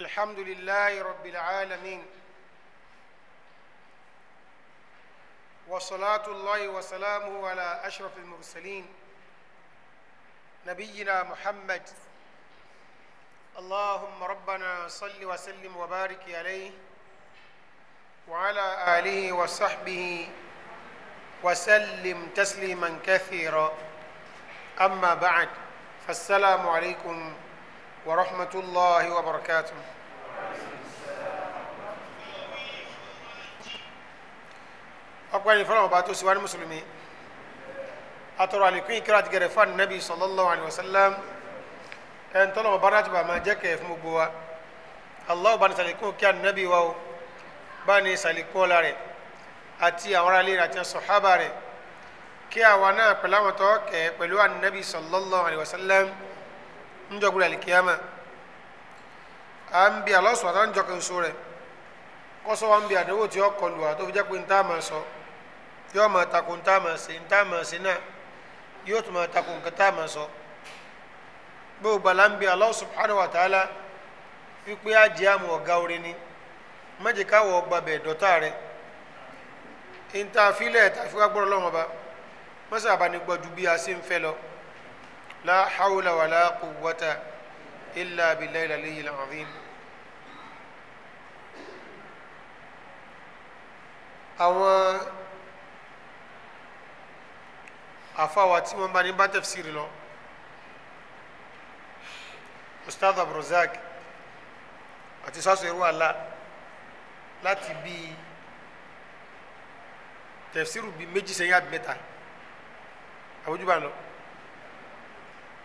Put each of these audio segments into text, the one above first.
الحمد لله رب العالمين وصلاة الله وسلامه على أشرف المرسلين نبينا محمد اللهم ربنا صل وسلم وبارك عليه وعلى آله وصحبه وسلم تسليما كثيرا أما بعد فالسلام عليكم ورحمة الله وبركاته أقوى فرما باتو سوان مسلمي أترى لكي كرات غرفان النبي صلى الله عليه وسلم أن طلب برات ما جاك في مبوا الله بان سالكو كان النبي واو بان سالكو لاري أتي أورالي أتي الصحابة كي أوانا بلاوتو كي بلوان النبي صلى الله عليه وسلم njọgbọn alikiyama à ń bi alọsọ àtàwọn njọkẹ nso rẹ kọsọ wa ń bi àdéhùn tí ó kọlu wa tó fi jẹ pé ntá máa sọ yóò máa takò ntá máa ṣe ntá máa ṣe náà yóò tún máa takò nǹkan subhanahu wa ta'ala wípé àjẹ́ àmọ́ ọ̀gá orin ni mẹ́jẹ káwọ̀ ọgbà bẹ̀ dọ́tà rẹ̀ ntá filẹ̀ tàfi wá gbọ́dọ̀ lọ́wọ́ ba mọ́sàbánigba ju bí a ṣe ń fẹ́ lọ. لا حول ولا قوة إلا بالله العلي العظيم àwọn afáwa tí wọn bá ní bá tẹfsiri lọ ustaz abdulrasaq àti sọ́sọ́ irú àlá láti bí tẹfsiru bíi méjì sẹ́yìn àbí mẹ́ta àwùjọ bá lọ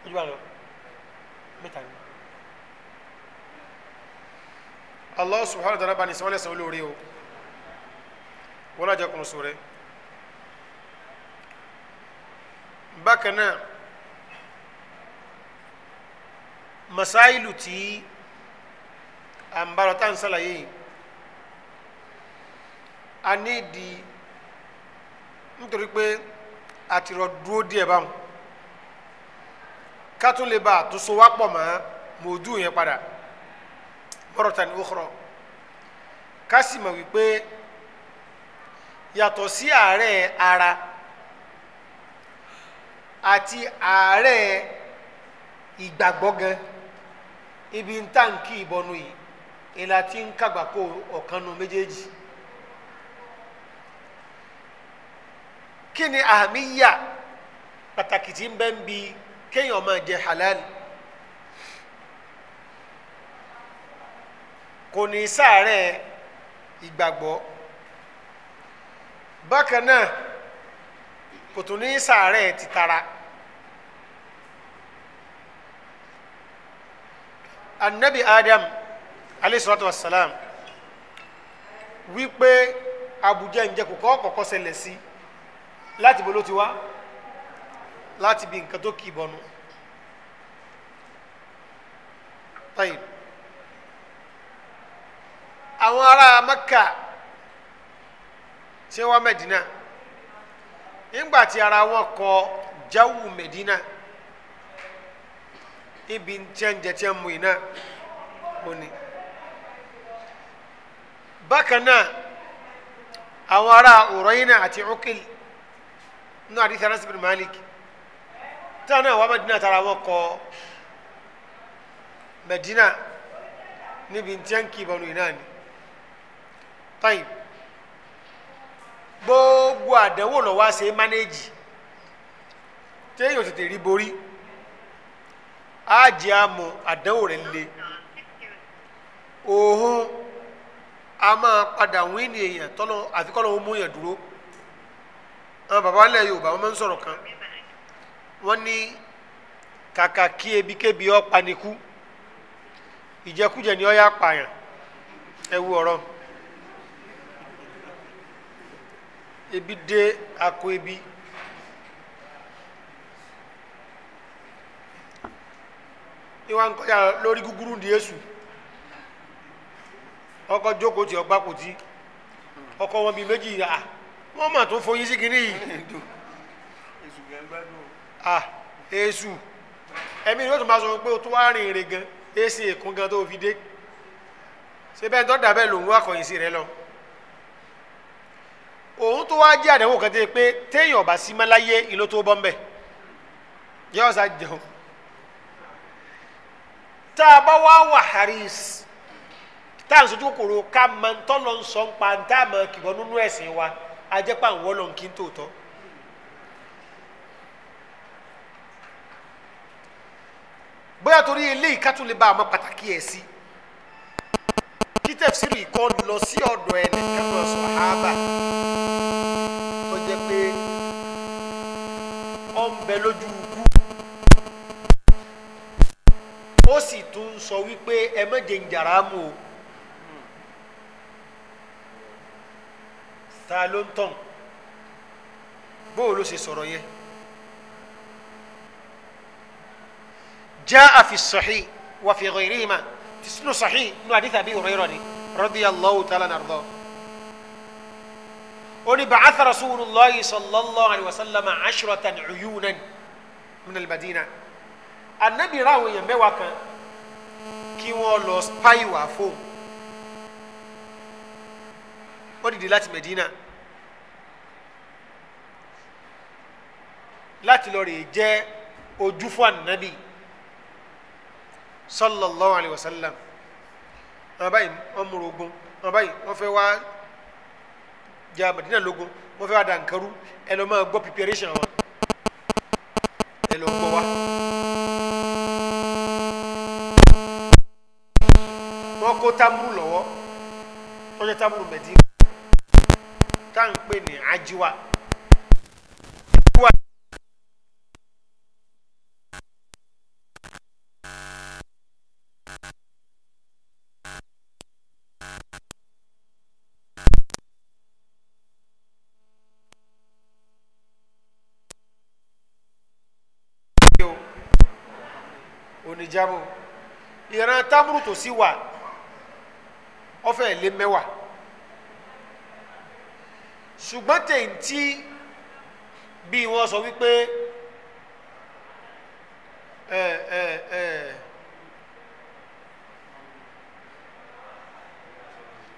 ìjọba lọ mẹ́ta ni. Allah subhanahu wa ta'ala bá ní sọ́wọ́lẹ̀ sọ́wọ́ lórí o wọ́n lájà kùn sóore. bákan náà masailu tí à tá à ń sàlàyé yìí a ní ìdí nítorí pé àtìrọ̀ dúró díẹ̀ báwọn kátó lè bá àtúnṣe wá pọ̀ mọ́ mòdù yẹn padà mọ́rọ̀tà ní òkúrọ̀ ká sì mọ̀ wípé yàtọ̀ sí àárẹ̀ ara àti àárẹ̀ ìgbàgbọ́ gan ibi ń tàǹkì ìbọnú yìí ìlà tí ń kàgbà kó ọ̀kan nu méjèèjì. kí ni àmì yà pàtàkì tí ń bẹ ń bi kéèyàn máa jẹ halal kò ní sáàárẹ̀ ìgbàgbọ́ bákan náà kò tún ní sáàárẹ̀ títara. anabi adam alayhi salatu wa salam wípé abuja ń jẹ kókó kọ́kọ́ ṣẹlẹ̀ sí láti bolo ti wá láti bí nǹkan tó kì í bọnu tayi àwọn ará Maka tí wọn Medina nígbà tí ara wọn kọ jáwù Medina ibi tí ń jẹ tí ń mu iná ó bákan náà àwọn ará Uraina àti Uqil nínú àdìsí Anas bin Malik táwọn a wá Mẹ́dínà tara wọn kọ Mẹ́dínà níbi tí wọ́n ń kí ìbọnú yìí náà ni táyì gbogbo àdánwò lọ wá ṣe mánéèjì téèyàn tètè rí borí á jẹ́ àmọ́ àdánwò rẹ̀ le òhun a máa padà wí ní èèyàn tọ́lọ́ àfikọ́ lọ́wọ́ mú yàn dúró àwọn baba ńlẹ̀ Yorùbá wọn máa ń sọ̀rọ̀ kan wọ́n ní kàkà kí ebíkébi ó paniku ìjẹkújẹ ni ó yá pààyàn ẹ wú ọ̀rọ̀ ebi dé akọ ebi ìwà ń kọjá lórí gúgúrú di Jésù ọkọ jókòó tí ọgbà kò tí ọkọ wọn bíi méjì à wọn mà tó foyín sí kinní yìí ah èsù ẹ̀mí yóò tún bá sọ pé o tún wá rìn ìrìn gan èsì èkún gan tó fi dé ṣé bẹ́ẹ̀ tó dàbẹ́ lòun wá kọ̀yìn sí rẹ lọ òun tó wá jẹ́ àdánwò kan tẹ́ pé téèyàn ọ̀bà sí mọ́láyé ìlú tó bọ́ ń bẹ̀ yọ ọ̀sà jẹun tá a bá wá wà haris tá a ń sojú kòkòrò ká máa ń tọ́ lọ sọ ń pa tá a máa kìbọn nínú ẹ̀sìn wa ajẹ́pà ń wọ́ lọ kí n tòótọ́. bóyá torí eléyìí ká tún lè bá àmọ́ pàtàkì ẹ̀ sí kí tẹ̀síìrì kọ́ lọ sí ọ̀dọ̀ ẹ̀ nìkan lọ sọ ábà tó jẹ́ pé ó ń bẹ lójú ikú ó sì tún sọ wípé ẹ má jẹ njàrá mú o ta ló ń tàn bóòlù ṣe sọ̀rọ̀ yẹn. jaa fi sahih wa fi ghayrihima tisnu sahih nu hadith abi hurayra ni radiyallahu ta'ala nardo oni ba'atha rasulullahi sallallahu alaihi wasallam ashratan uyunan min almadina annabi rawo yan mẹ́wàá kan kí wọ́n lọ spy wá fóun wọ́n dìde láti Medina láti lọ rè jẹ́ ojú fún sallallahu alayhi wa sallam àwọn báyìí wọ́n múra ogun àwọn báyìí wọ́n fẹ́ wá ja Madina lógun wọ́n fẹ́ wá dankaru ẹ máa gbọ́ preparation wọn ẹ lọ gbọ́ wa. wọ́n kó tamuru lọ́wọ́ wọ́n jẹ́ tamuru Madina táà ń pè ní ajiwa. ní jámù ìran támúrù tó sì wà ọfẹ́ lé mẹ́wàá ṣùgbọ́n tèǹtì bí wọ́n sọ wípé ẹ ẹ ẹ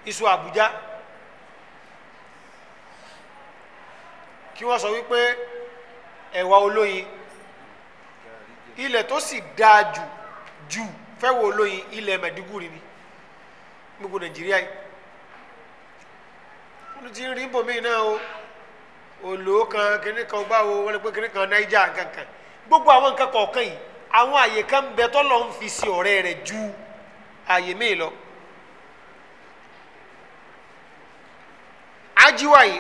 iṣu Àbújá kí wọ́n sọ wípé ẹ̀wà olóyin ilẹ̀ tó sì dáa jù jù fẹ́ wo olóyin ilẹ̀ Maiduguri ni gbogbo Nàìjíríà yìí wọ́n ti rí bòmíì náà o òlò kan kìnìún kan gbá wo wọ́n lè pé kan Naija kankan gbogbo àwọn nǹkan kọ̀ọ̀kan yìí àwọn àyè kan ń bẹ tọ́lọ̀ ń fi sí ọ̀rẹ́ rẹ̀ ju àyè míì lọ. ajiwa yìí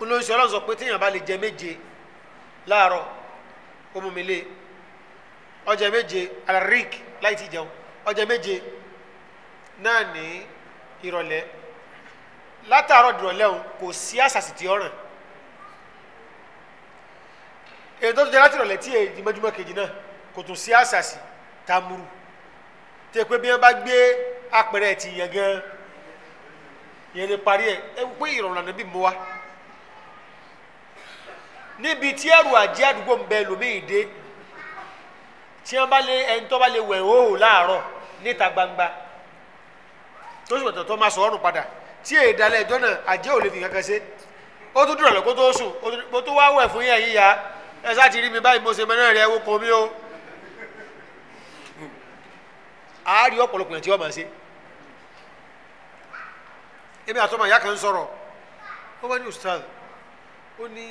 olóyún sọ pé téèyàn bá lè jẹ méje láàárọ̀ ọjọ́ méje ala láì ti jẹun ọjọ́ méje náà ní ìrọ̀lẹ́ látàárọ̀ dìrọ̀lẹ́ òun kò sí àṣàṣì tí ọ̀ràn èyí tó tún jẹ láti ìrọ̀lẹ́ tí èyí mọ́júmọ́ kejì náà kò tún sí àṣàṣì tamuru tẹ pé bí wọn bá gbé apẹ̀rẹ̀ ti yẹn gan yẹn lè parí ẹ ẹ pé ìrọ̀rùn àná bí mo wá níbi tí ẹrù àdúgbò ń bẹ lómi ìdè tí wọ́n bá lé ẹni tó bá lè wẹ̀ hóhò láàárọ̀ níta gbangba tó sì wọ̀tọ̀ tó máa sọ ọ́rùn padà tí èyí dalẹ̀ ẹjọ́ náà àjẹ́ ò lè fi kankan ṣe ó tún dúró lọ́kọ́ tó sùn mo tún wá wẹ̀ fún yẹn yíya ẹ sá ti rí mi báyìí mo ṣe mẹ́rin rẹ̀ ẹ wo kan mi o àárí ọ̀pọ̀lọpọ̀ yẹn tí wọ́n máa ṣe èmi àtọ́mọ̀ ìyá kan sọ̀rọ̀ ó bá ní ustaz ó ní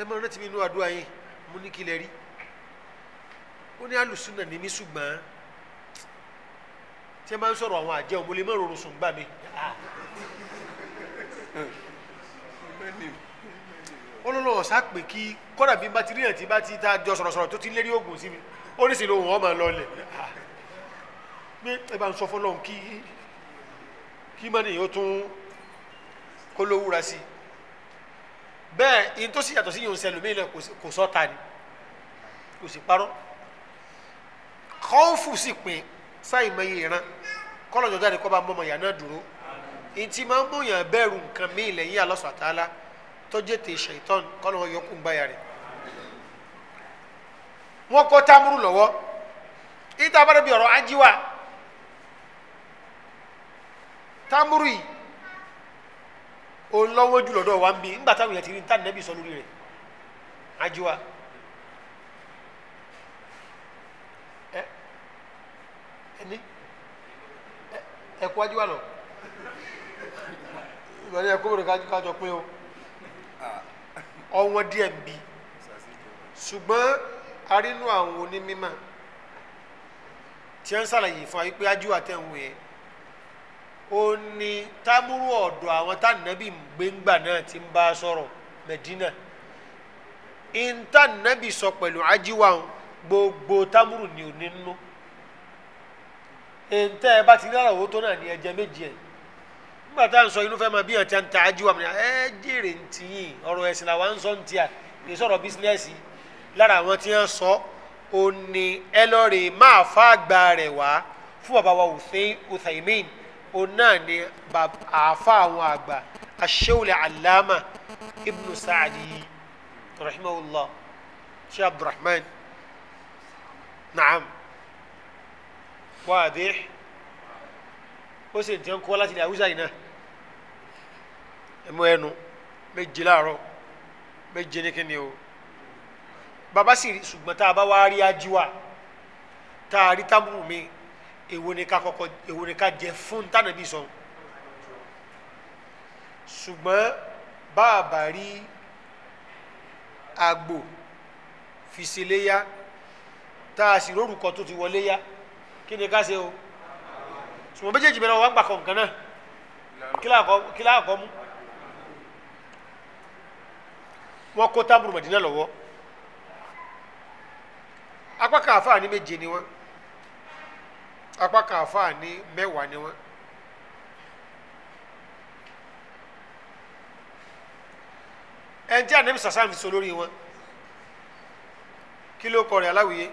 ẹ máa rántí mi inú àdúrà yín mo ní kí lè rí ó ní alùsùnà ní mí ṣùgbọ́n tí ẹ máa ń sọ̀rọ̀ àwọn àjẹ́ òmùlẹ̀ mọ́ òrùn sùn gbà mí. olólùwọ̀n sápè kí kọ́dà bí bá ti rí àti bá ti ta jọ sọ̀rọ̀sọ̀rọ̀ tó ti lérí oògùn sí mi ó ní sì lóhùn ọmọ lọlẹ̀ pé ẹ bá ń sọ fọlọ́hún kí kí mọ́ni yóò tún kó sí i bẹ́ẹ̀ in tó sì yàtọ̀ sí yòó ń sẹlẹ̀ mí lẹ kò sọ́ta ni kò sì parọ́. kọ́ńfù fụsị pin sáì mọ iye ìran kọ́lọ́jọ́ jáde kọ́ bá mọ́ ọmọ ìyá náà dúró ntí máa ń bóyá bẹ̀rù nǹkan mí lẹ́yìn Allah subhanahu wa ta'ala tọ́jẹ́ tè ṣèitán kọ́lọ́wọ́ yọkù ń wọn rẹ̀ wọ́n kọ́ támúrù lọ́wọ́ ìta bá dẹ̀bi ọ̀rọ̀ ajíwá támúrù yìí ẹni ẹkọ lọ ìgbàlẹ wẹrẹ kájọ pé o ọwọn ṣùgbọ́n arínú àwọn onímọ̀ tí wọ́n ṣàlàyé fún wa tẹ ajú àtẹ̀wọ̀n yẹn ó ní tamuru ọ̀dọ̀ àwọn tánàbì gbẹngbà náà ti ń bá a Medina sọ gbogbo tamuru ni ní ntẹ ẹ bá ti rí àràwọ tó náà ní ẹjẹ méjì ẹ nígbà tá à ń sọ inú fẹ́ máa bí ẹ̀ tí a ń ta ajú àmì ẹ jèrè ntì yìí ọ̀rọ̀ ẹ̀sìn làwọn ń sọ ntì à lè sọ̀rọ̀ bísínẹ́sì lára àwọn tí wọ́n sọ ò ní ẹ lọ́ọ̀rẹ́ máa fa àgbà rẹ̀ wá fún bàbá wa Uthaymin ò náà ní àáfà àwọn àgbà aṣẹ́wòlẹ̀ alama ibnu Sa'di rahimahullah ṣe Abdurrahman naam. واضح ó sì ti ń kọ́ láti ilẹ̀ haúsá yìí náà ẹmu ẹnu me láàárọ̀ méje ní kíni o bàbá sì ṣùgbọ́n tá a bá wá rí ajiwa tá a rí tábùrù mi èwo ni ká kọ́kọ́ èwo ni ká jẹ fún tánàbí sọ ṣùgbọ́n bàbá rí àgbò fi ṣe léyà tá a sì rórùkọ tó ti wọlé yá kí ni ká ṣe o sùmọ́ méjèèjì bẹ̀rẹ̀ wọ́n gbà kọ̀ nǹkan náà kí láà kọ́ mú wọ́n kó tábùrù mọ̀dínà lọ́wọ́ apá kan àfáà ní méje ni wọ́n apá kan àfáà ní mẹ́wàá ni wọ́n. ẹnjẹ́ ànẹ́bí sàṣà ń fi so lórí wọn kí ló kọ rẹ̀ aláwìyé.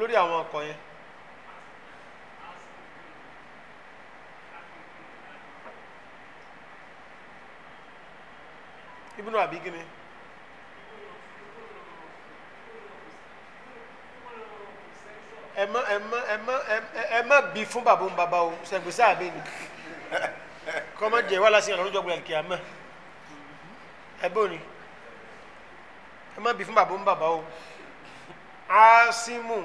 olórí àwọn ọkọ̀ yẹn. ibùdó àbí gíní. ẹ má ẹ má ẹ má ẹ má bí fún bàbá òun bàbá o sẹ̀gbẹ́sẹ̀ àbẹ̀ ni kọ́mọ̀jẹ̀ wà lásìkò àlọ́ ìjọba ìkìyà mọ́ ẹ bó ni ẹ má bí fún bàbá òun bàbá o Asimu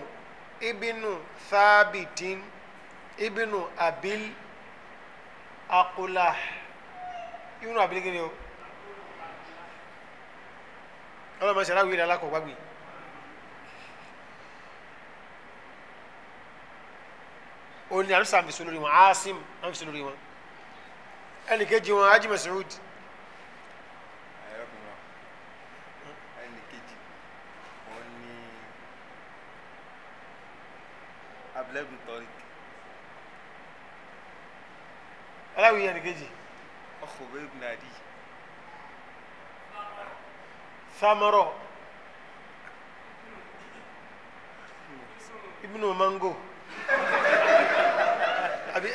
ibinu thabitin ibinu abil akulah ibinu abil kini o ọlọmọ sara wíìlì alákọ̀ọ́gbàgbé òní àlùsàmì sọlórí wọn asim àmì sọlórí wọn ẹnì kejì wọn ajimẹsirudi lẹ́gùn tọ́rí. aláwọ̀ yẹn nìkejì. ọkọ̀ bẹ́ẹ̀ bí nàdí. samọ́rọ̀ ibùnú mango àbí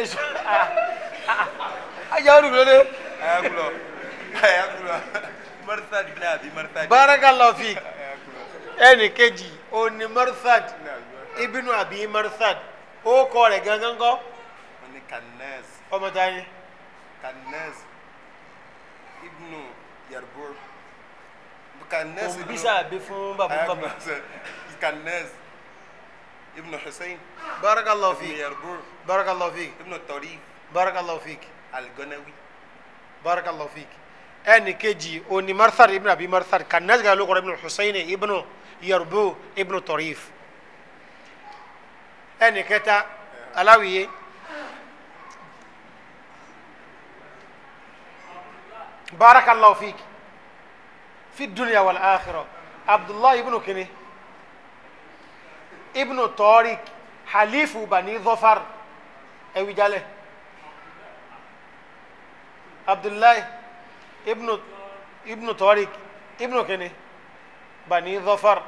èso e, e, e, ajá olùkú lóde. ayakulọ ayakulọ marsad bin abi marsad. barakallahu fik ẹnì kejì òní marsad ibnu abi marsad ó kọ rẹ̀ gangan kọ́. wọ́n ní kanaz. ọmọ ta ni. kanaz ibnu yarbur. kanaz ibnu. òun bísà àbí fún bàbá bàbá. kanaz ibnu hussein. barakallahu fik. ibnu yarbur. barakallahu fik. ibnu tarif. barakallahu fik. algonawi. barakallahu fik ẹni kejì oni marsad ibnu abi marsad kanaz gan ló kọ ibnu hussein ibnu yarbu ibnu tarif ẹnì kẹta aláwìyé. barakallahu fiik fi dunya wal akhirah abdullahi ibnu kini ibnu tariq halifu bani dhafar ewi jale abdullahi ibnu ibnu tariq ibnu kini bani dhafar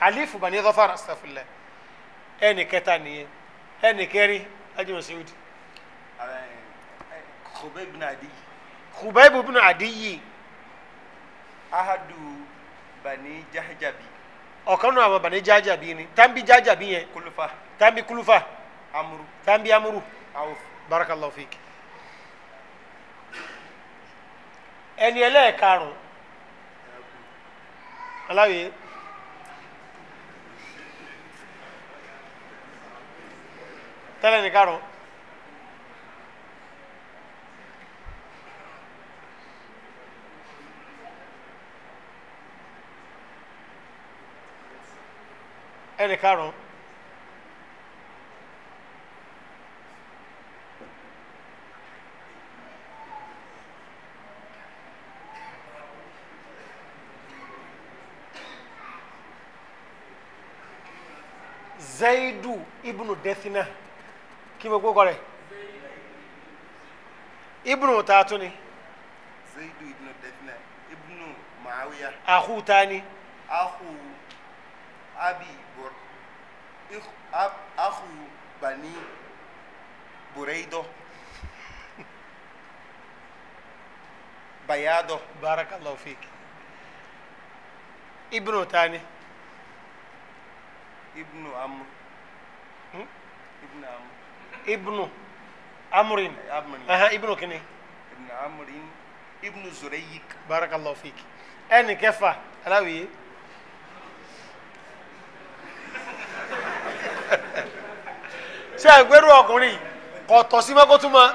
halifu bani dhafar astaghfirullah ẹnì kẹta nìyẹn ẹnì kẹrin ajé Mas'ud. Khubayb bin Adiy. Khubayb bin Adiy. ahadu bani jahajabi. ọ̀kan náà àwọn bani jahajabi ni tambi jahajabi yẹn. kulufa. tambi kulufa. amuru. tambi amuru. awuf. barakallahu fiki. ẹni ẹlẹ́ẹ̀karùn-ún aláwìyé. tẹ́lẹ̀ ní karùn. ẹnì karùn. zaidu ibnu dethina kí gbogbo kọ rẹ̀ ibnu ta tún ni. zayidu ibnu defina ibnu maawiya. ahu ta ni. ahu abi bor ahu bani bureido bayado. barakallahu fiki ibnu ta ni. ibnu amr. Hmm? ibnu ibnu amrin aha ibnu kini ibnu amrin ibnu zureyik barakallahu fik ẹni kẹfà aláwìyé ṣé àgbẹrù ọkùnrin kò tọ́ sí mọ́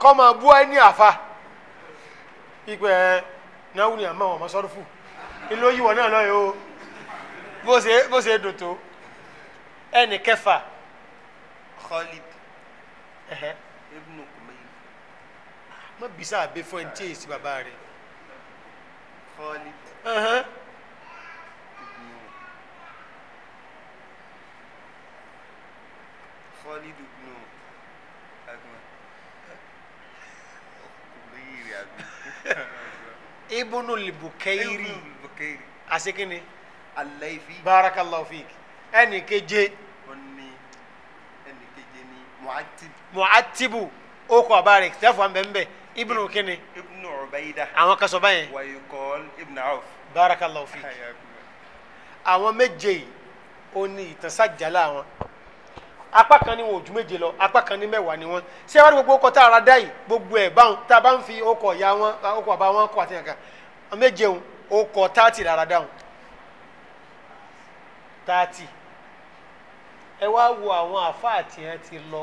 kọ́ máa bú ẹ ní àfa ìpè náwó ni àmọ́ wọn mọ́ sọ́rùfù ilé oyíwọ̀ náà lọ́yọ̀ o bó ṣe Khalid ibn Kumayl. má bisa àbẹ fún ẹni tí èyí sí bàbá rẹ. Khalid ibn Khalid ibn agbọn Kumayl àbí. ibn al-Bukairi asekene. alayifi. barakallahu fiik ẹnì keje mu'atibu o kọ ọba rẹ an bẹnbẹ ibnu kini. ibnu ubayda. àwọn kasoba yẹn. wayukọl ibnu awf. barakallahu fi. àwọn méje yìí ó ní ìtànsájàlá wọn apá kan ní wọn ò ju méje lọ apá kan ní mẹ́wàá ni wọn ṣé wàá ní gbogbo ọkọ tá a ra gbogbo ẹ̀ báwọn tá a bá ń ya wọn ọkọ̀ àbá wọn kọ̀ àti nǹkan méje òun ọkọ̀ táàtì lára dáhùn ẹ wá wo àwọn àfáà tí ẹ ti lọ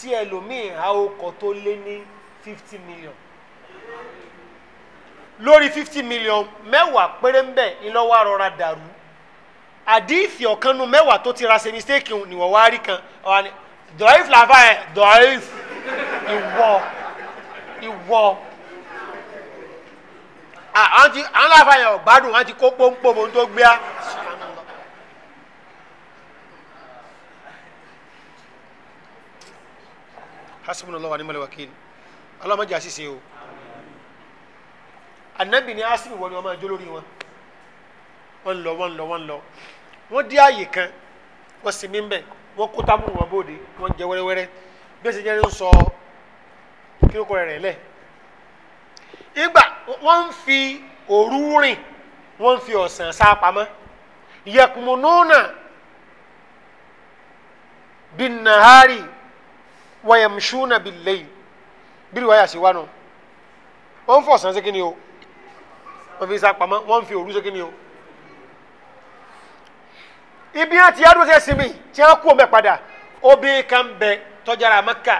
tí ẹlòmíì há ọkọ̀ tó lé ní fifty million lórí fifty million mẹ́wàá péré ń bẹ̀ ńlọ́wọ́ àrọ́ra dàrú àdìsí ọ̀kanu mẹ́wàá tó ti ra ṣe mistake ni wọ́n wá rí kan ọ̀hún ni dọ̀ọ́ìf làbá ẹ̀ dọ̀ọ́ìf ìwọ ìwọ àwọn làbá yẹn ọ̀gbádùn wọn ti kó pọ́npọ́n tó gbéa. hasbunallahu wa ni'mal wakil Allah má jẹ́ àṣìṣe o ni asibi wọ́n ni wọ́n máa jó lórí lo. wọ́n lọ wọ́n lọ wọ́n lọ wọ́n dé ààyè kan wọ́n sinmi ń bẹ̀ wọ́n kó tábù wọn bóde wọ́n jẹ wẹ́rẹ́wẹ́rẹ́ bí ẹsẹ̀ jẹ́rìí ń sọ kíkó rẹ̀ lẹ̀ ìgbà wọ́n ń fi òru rìn wọ́n fi ọ̀sán sá pamọ́ yẹkùnmọ́nà bíi nàárì wayamshuna bil-layl bírí wáyà sí wánu wọ́n fọ̀ sàn ni o wọ́n fi sàpamọ́ wọ́n fi òru ni o ibi hàn tí adúlọ́sẹ̀ sinmi tí wọ́n kú omi padà obi kan bẹ tọ́jára Mẹ́kà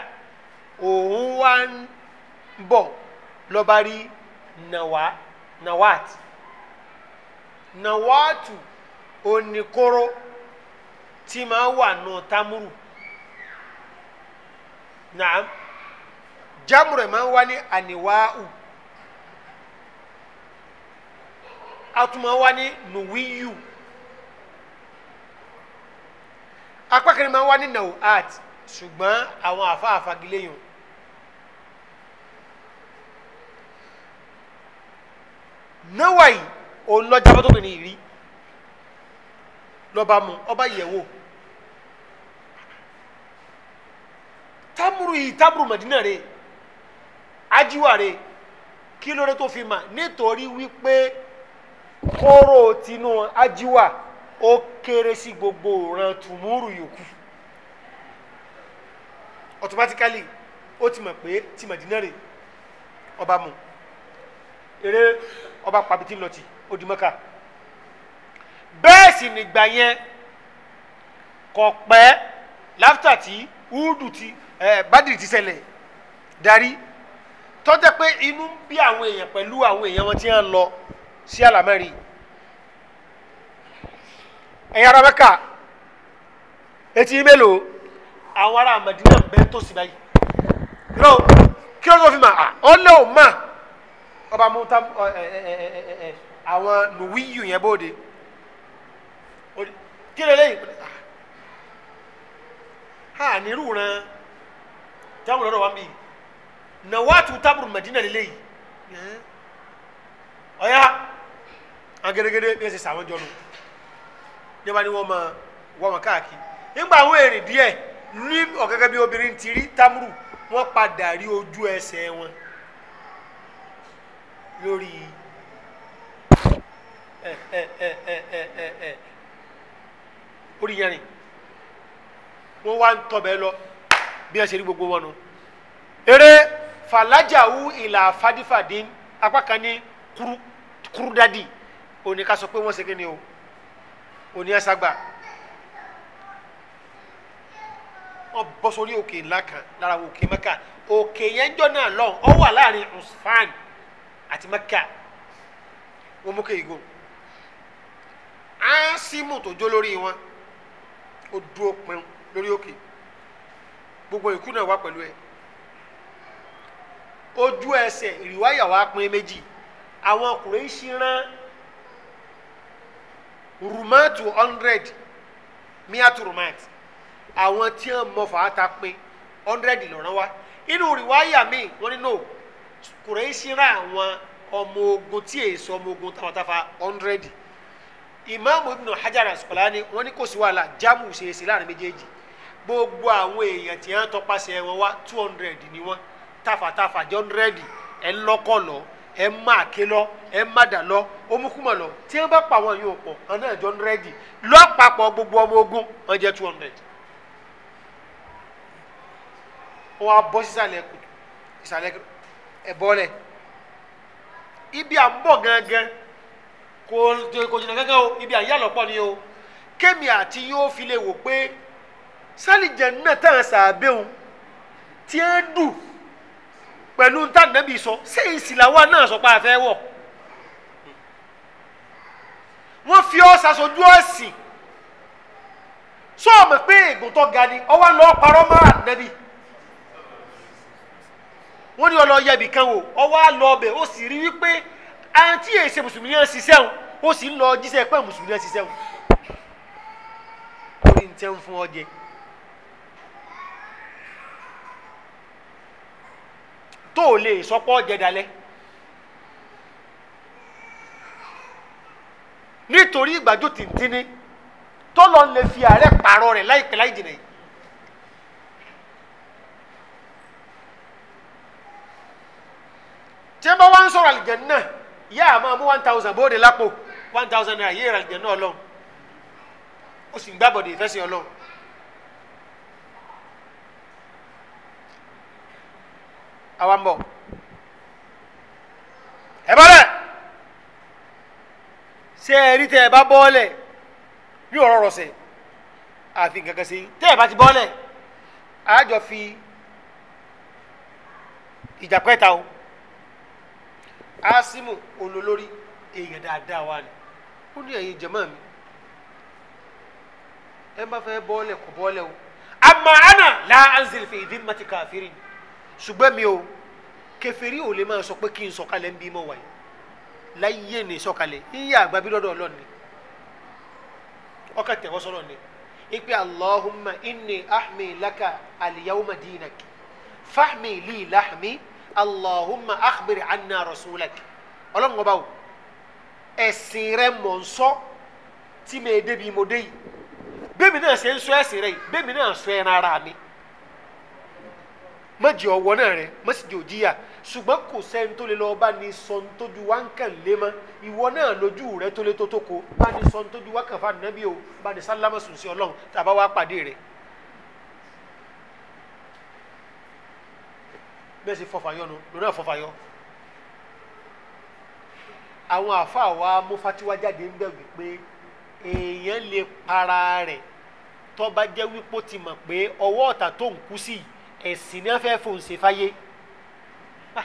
òun wá ń bọ̀ lọ́ba nawa nawat nàwát nàwátù oníkóró tí ma wà nù támúrù. No naam jamu rẹ̀ e máa ń wá ní àníwáù atuma wá ní nuwiyu apá kan máa ń wá ní nauat ṣùgbọ́n àwọn àfáàfá giléyìn náwàyí lọ jábọ́ tó bìnrin yìí mu ọba yẹ̀wò. tamuru yìí tamuru madina re ajiwa re kí ló dé tó fi mà nítorí wípé kóró tinú ajiwa ó kéré sí gbogbo òran tùmúrù yòókù automatically ó ti mọ̀ pé ti madina re ọba mu eré ọba pàbítí lọ́tì odimọ́ka bẹ́ẹ̀ sì nígbà yẹn kọ̀ pẹ́ láftà tí údù ti ẹ Badiri ti darí tọ́jà pé inú ń bí àwọn èèyàn pẹ̀lú àwọn èèyàn wọn tí wọ́n lọ sí àlámẹ́rì ẹ̀yin ará Mẹ́kà etí mélòó àwọn ará Mẹdínà bẹ́ẹ̀ tó sì báyìí lọ kí ló tó fi mà á ọ̀nà ò mà ọba mú àwọn nùwíyù yẹn bóde kí lè ha nírú táwọn lọ́dọ̀ wa ń bì na wàtú tábùrù mẹ̀dínà lélẹ̀ yìí ọ̀yá agẹ́dẹ́gẹ́dẹ́ bí ẹ ṣe sàwọn jọ nù ní wọn ni wọn máa wọn máa káàkiri nígbà àwọn èrè díẹ̀ ní ọ̀gẹ́gẹ́ bí obìnrin ti rí tábùrù wọn padà rí ojú ẹsẹ̀ wọn lórí ẹ ẹ ẹ ẹ ẹ ẹ orí yẹn ni wọn wá ń tọbẹ lọ bí wọ́n ṣe rí gbogbo wọn nu. eré falajawu ìlà fadifadin apá kan ní kuru kurudadi òní ká sọ pé wọ́n ṣe kí ni o òní ẹ̀sà gbà. wọ́n bọ́ sórí òkè ńlá kan lára òkè mẹ́ka òkè yẹn jọ náà lọ ọ wà láàrin usfan àti mẹ́ka wọ́n mú kéègùn áásímù tó jó lórí wọn ó dúró pin lórí òkè. Okay gbogbo ìkú náà wá pẹ̀lú ẹ ojú ẹsẹ̀ ìrìwáyà wa pín méjì àwọn Kùrẹ́ṣì rán rùmọ́ọ̀tù hundred miatu rùmọ́ọ̀tù àwọn tí wọ́n mọ̀fà á ta hundred lọ́rán wa inú ìrìwáyà mi wọ́n ní no Kùrẹ́ṣì rán àwọn ọmọ ogun tí èso ọmọ ogun tafatafa hundred imaamu ibn hajar ni wọ́n ní kò sí wàhálà jamu ṣe é sí láàrin méjèèjì gbogbo àwọn èèyàn tí wọ́n tọpasẹ̀ wọn wá two hundred ni wọ́n tàfàtàfà jọ hundred ẹ̀ ń lọ́kọ̀ lọ ẹ̀ ń ké lọ ẹ̀ má dà lọ omukuma lọ tí wọ́n bá pa àwọn yòó pọ̀ wọn náà jọ hundred lọ́pàpọ̀ gbogbo ọmọ ogun wọn jẹ́ two hundred wọn á bọ́ sísàlẹ̀ kùtù ìsàlẹ̀ ẹ̀bọ́lẹ̀ ibi à ń bọ̀ gangan kò kò jìnnà gangan o ibi à ń yà lọ́pọ̀ ni o kémi àti yóò fi wò pé sani jẹnuna tá a sàbẹ̀wò tí a dù pẹ̀lú tá a nàbì sọ sẹ́yìn sìláwà náà sọ pé a fẹ́ wọ̀ wọ́n fi ọ́ sàṣojú ọ̀sìn sọ́ọ̀mù pé ègùn tó ga ni ọwọ́ lọ́ọ́ parọ́ máa nàbì wọ́n ní ọlọ́ọ́ yẹbi kan wò ọwọ́ àlọ́ ọbẹ̀ ó sì rí wípé àǹtí èsè mùsùlùmí náà ṣiṣẹ́ òun ó sì ń lọ jíṣẹ́ pẹ́ mùsùlùmí náà ṣiṣẹ́ òun. orí ń tẹ́ ń fún ọ jẹ. tó o lè sọpọ́ jẹ̀dálẹ́ nítorí ìgbàjò tìǹtìní tó lọ lè fi ààrẹ pààrọ̀ rẹ̀ láìpẹ́ láì jìnnà yìí. tí ẹ bá wá ń sọ̀rọ̀ àlìjẹ̀nnà yá a máa mú one thousand bóde lápò one thousand naira yéèrè àlìjẹ̀nnà ọlọ́run ó sì ń gbàbọ̀dé ìfẹ́sìn ọlọ́run. àwa ń bọ̀ ẹ bá lẹ̀ ṣé ẹ rí tẹ ẹ bá bọ́ọ̀lẹ̀ bí ọ̀rọ̀ rọ̀ sẹ̀ àfi gàgà sí tẹ ẹ bá ti bọ́ọ̀lẹ̀ àjọ fi ìjàpẹ́ta o asimu olólórí èèyàn dáadáa wa ni ó ní ẹ̀yin jẹ̀mọ́ mi ẹ má fẹ́ bọ́ọ̀lẹ̀ kò bọ́ọ̀lẹ̀ o àmọ́ àná là á ń zèlè fi ìdí mọ́tì káfírin ṣùgbọ́n mi o kèfèrí ò lè máa sọ pé kí n sọ̀kalẹ̀ ń bí mọ́ wáyé láyé ní sọ̀kalẹ̀ iye àgbà bí lọ́dọ̀ ọlọ́ni ọkà tẹ̀wọ́ sọ́nà ni ipe allahumma inni ahmi laka aliyahuma dinak fahmi li lahmi allahumma akhbir anna rasulak ọlọ́run ọba o ẹ̀sìn rẹ mọ̀ ń sọ tí mi ẹ̀ débi mo dé yìí bẹ́ẹ̀ mi náà ṣe ń sọ ẹ̀sìn rẹ yìí bẹ́ẹ̀ mi náà sọ ẹ̀ náà ara mi mọ̀jì ọ̀wọ́ náà rẹ mọ̀sídìí òjìyà ṣùgbọ́n kò sẹ́ni tó lè lọ́ọ́ bá ní sọ́n tójú wá ń kàn lé mọ́ ìwọ náà lójú rẹ tó lé tó tó ko bá ní sọ́n tójú wá kàn fáànù nábì o bá ní sálámà sùn sí ọlọ́run tàbá wá pàdé rẹ. bẹ́ẹ̀ sì fọfàyọ nu lónà fọfàyọ. àwọn àáfàá wa mufatiwa jáde ń bẹ̀ wípé èèyàn lè para rẹ̀ tó jẹ́ wípé ti mọ̀ pé ọwọ́ ọ̀tà tó ń kú sí yìí ẹ̀sìn ní afẹ́ fòun ṣe fáyé ah.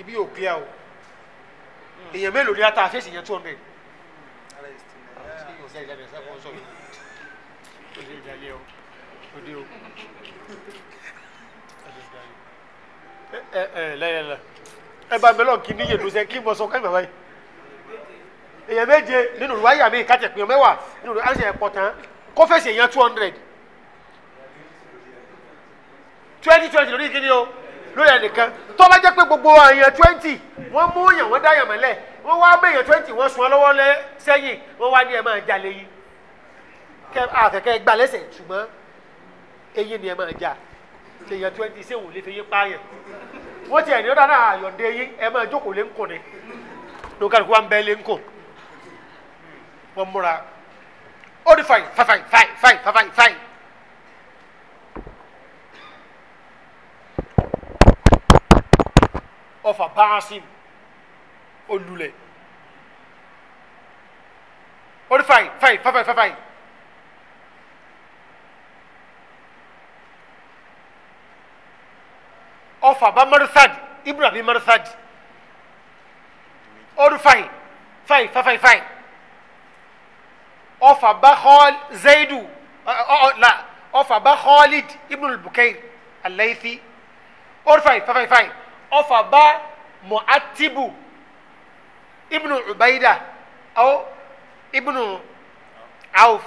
ibi yóò clear o èèyàn mélòó ni a ta àfẹ́sì yẹn two hundred ẹ bá mi lọ kí ní yèdùsẹ kí mo sọ káyọ̀ báyìí èèyàn méje nínú ìwáyà mi kàtẹ́pẹ́ mẹ́wàá nínú ìwáyà mi kọ́ tán kó fèsì èèyàn two hundred twenty twenty lórí ìkíni o lórí ẹnìkan tó bá jẹ́ pé gbogbo àyàn twenty wọ́n mú yàn wọ́n dáyàn mọ́lẹ̀ wọ́n wá méyàn twenty wọ́n sun ọlọ́wọ́ lẹ́ sẹ́yìn wọ́n wá ní ẹ̀ máa jalè yìí kẹ àfẹ́kẹ́ gbà lẹ́sẹ̀ ṣùgbọ́n eyín ni ẹ̀ máa jà ṣèyàn twenty ṣéwò lè fi yín pààyàn wọ́n ti ẹ̀ní ọ̀dà náà àyọ̀dé yín ẹ̀ máa jókòó lé ńkùn ni lókàlùkù wa ń bẹ́ lé ńkùn wọ́n múra ó ní fàyè fàyè fàyè fàyè fàyè fàyè of a baasim olule ori fai fai fai fai fai of a ba marisad ibrahim marisad ori fai fai fai fai fai of a ba khol zaidu uh, uh, uh, la of a ba khalid ibn al-bukair al-laythi fai fai fai ɔfa ba mu'attibu ibnu ubaida aw ibnu awf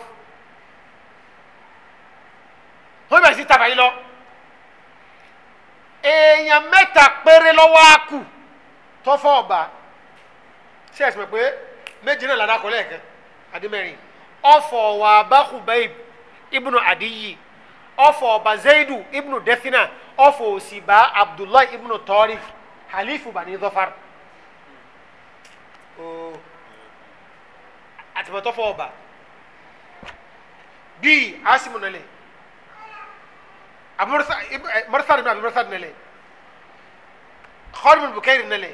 wọn bẹ̀rẹ̀ sí tabayi èèyàn péré ọba ṣe ẹ̀sìn pé méjì náà lára adiyi ọba Zeidu ibnu defina ọfọ òsì bá abdullahi ibn tariq halifu bani zọfar àtìmọ̀tọ́fọ̀ ọba bíi asimu nílẹ̀ mọ́rísàdì náà mọ́rísàdì nílẹ̀ kọ́ọ̀dùmù bukẹ́rì nílẹ̀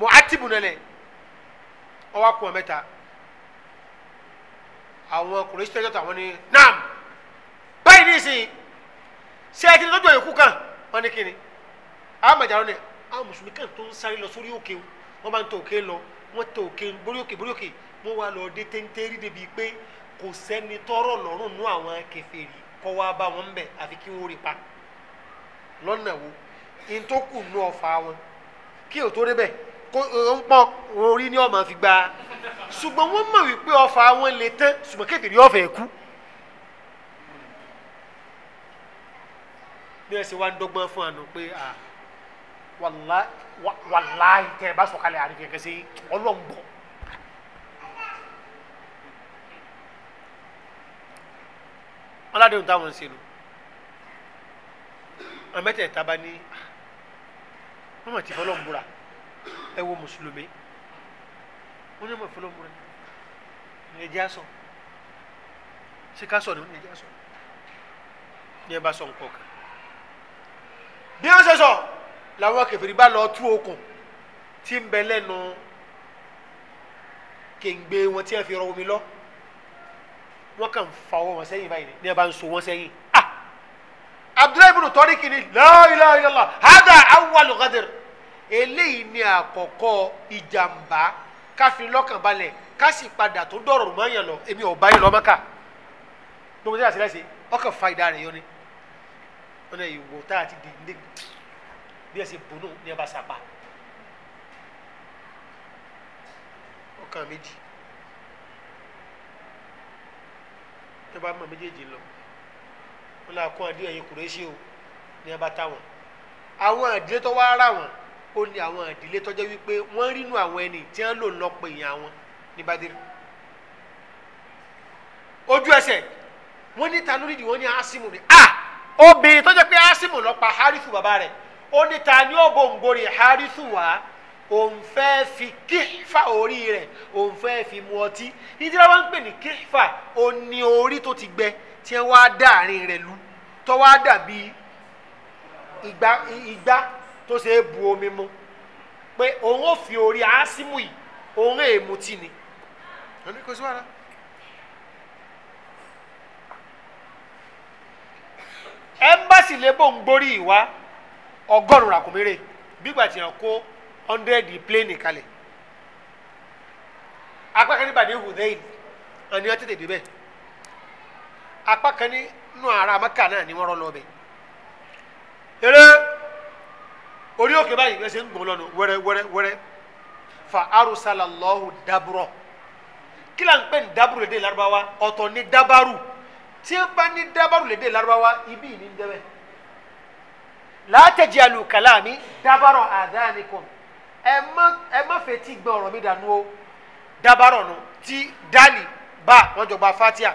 mọ́àtìbù nílẹ̀ ọwọ́ akùnwọ̀n mẹ́ta àwọn kùrẹ́sìtẹ́jọ́ta àwọn ní naam báyìí ní ìsìn se ẹ ti ní tọ́jú ẹ̀yọ̀kú kan wọ́n ní kíni àmàjàrò ni àwọn mùsùlùmí kan tó ń sáré lọ sórí òkè wọ́n máa ń tò òkè lọ wọ́n tò òkè borí òkè borí òkè wọ́n wá lọ dé téńtérí débi pé kò sẹ́ni tọ́rọ̀ lọ́rùn nú àwọn kèfèrí kọ́ wá bá wọn bẹ̀ àfi kí wọ́n rí pa lọ́nà wo ìntòkù nú ọ̀fà wọn kí o tó débẹ̀ kó ń pọn orí ni ọmọ fi gba ṣùgbọ́n wọ́n mọ̀ wípé ọfà wọn lè tán ṣùgbọ́n kékeré ọ̀fẹ́ kú bí ẹ ṣe wá ń dọ́gbọ́n fún àná pé ah, wàláì tẹ ẹ bá sọ̀kalẹ̀ àríkì kẹ̀kẹ́ sí ọlọ́ngbọ̀. aládéhùn táwọn ń ṣe nu amẹ́tẹ̀ẹ̀ta bá ah, ní wọ́n mọ̀ tí fọlọ́ngbùra ẹ wo mùsùlùmí wọ́n yẹ mọ̀ fọlọ́ngbùra ẹ jẹ́ àsọ̀ ṣé ká sọ̀ ni wọ́n yẹ jẹ́ àsọ̀ ni ẹ bá sọ̀ nǹkan kan bí wọ́n ṣe sọ làwọn kèfèrí bá lọ tú okùn tí ń bẹ lẹ́nu kéńgbé wọn tí wọ́n fi rọ omi lọ wọ́n kàn fa ọwọ́ wọn sẹ́yìn báyìí ní ẹ bá ń so wọn sẹ́yìn ah abdullahi ibn tọ́ríkì ni la ilaha hada awwal ghadir eléyìí ni àkọ́kọ́ ìjàmbá káfíń lọ́kàn balẹ̀ kásì padà tó dọ̀rọ̀ mọ́yàn lọ èmi ò báyìí lọ́mọ́ká gbogbo tí a sì rẹ̀ sí ọkàn fa ìdá rẹ̀ yọ ni wọn náà ìwọ tá a ti dè ní bí ẹsẹ bọnú ní ẹbá sapa ọkàn méjì ní ẹbá mọ méjèèjì lọ wọn náà kó àdéhùn ẹyin kùrẹ́sì o ní ẹbá táwọn àwọn àdílé tó wá ara wọn ó ní àwọn àdílé tó jẹ́ wípé wọ́n rínú àwọn ẹni tí wọ́n lò lọ́pọ̀ èèyàn wọn ní Bádírì ojú ẹsẹ̀ wọ́n ní ta lórí ìdí wọ́n ní Asimu ni a. Ah! obìnrin tó jẹ́ pé asimu lọ pa harithu bàbá rẹ̀ ó ní ta ni ó bòǹgbòrè harithu wá òun fẹ́ fi kífà orí rẹ̀ òun fẹ́ fi mu ọtí nítorí wọn ń pè ní kífà ó ní orí tó ti gbẹ tí wọn wá dá àárín rẹ̀ lu tó wá dàbí ìgbá ìgbá tó ṣe é bu omi mu pé òun ò fi orí asimu yìí òun èèmù tì ní. ẹmbásì lè bò ń gborí ìwá ọgọ́rùn-ún ràkúnmẹ́rẹ́ bígbà tí wọn kó hundred plane kalẹ̀ apá kan ní bàdé hùdẹ́yìn àni wọn tètè débẹ̀ apá kan nínú ara maka náà ni wọn rọ lọ bẹ̀ eré orí òkè báyìí ẹsẹ̀ ń gbọ̀n lọ́nu wẹ́rẹ́ wẹ́rẹ́ wẹ́rẹ́ fa arusalallahu daburo kí là ń pè ní daburo lédè Lárúbáwá ọ̀tọ̀ ní dabaru tí ó bá ní dábàrú lédè Lárúbáwá ibi ìní ń dẹ́wẹ́ látẹ̀jẹ̀ àlùkàlà mi dábàrọ̀ àdáníkùn ẹ má ẹ má fetí gbọ́ ọ̀rọ̀ mi dànù o dábàrọ̀ nù tí dáàlì bá wọ́n jọ gba fatia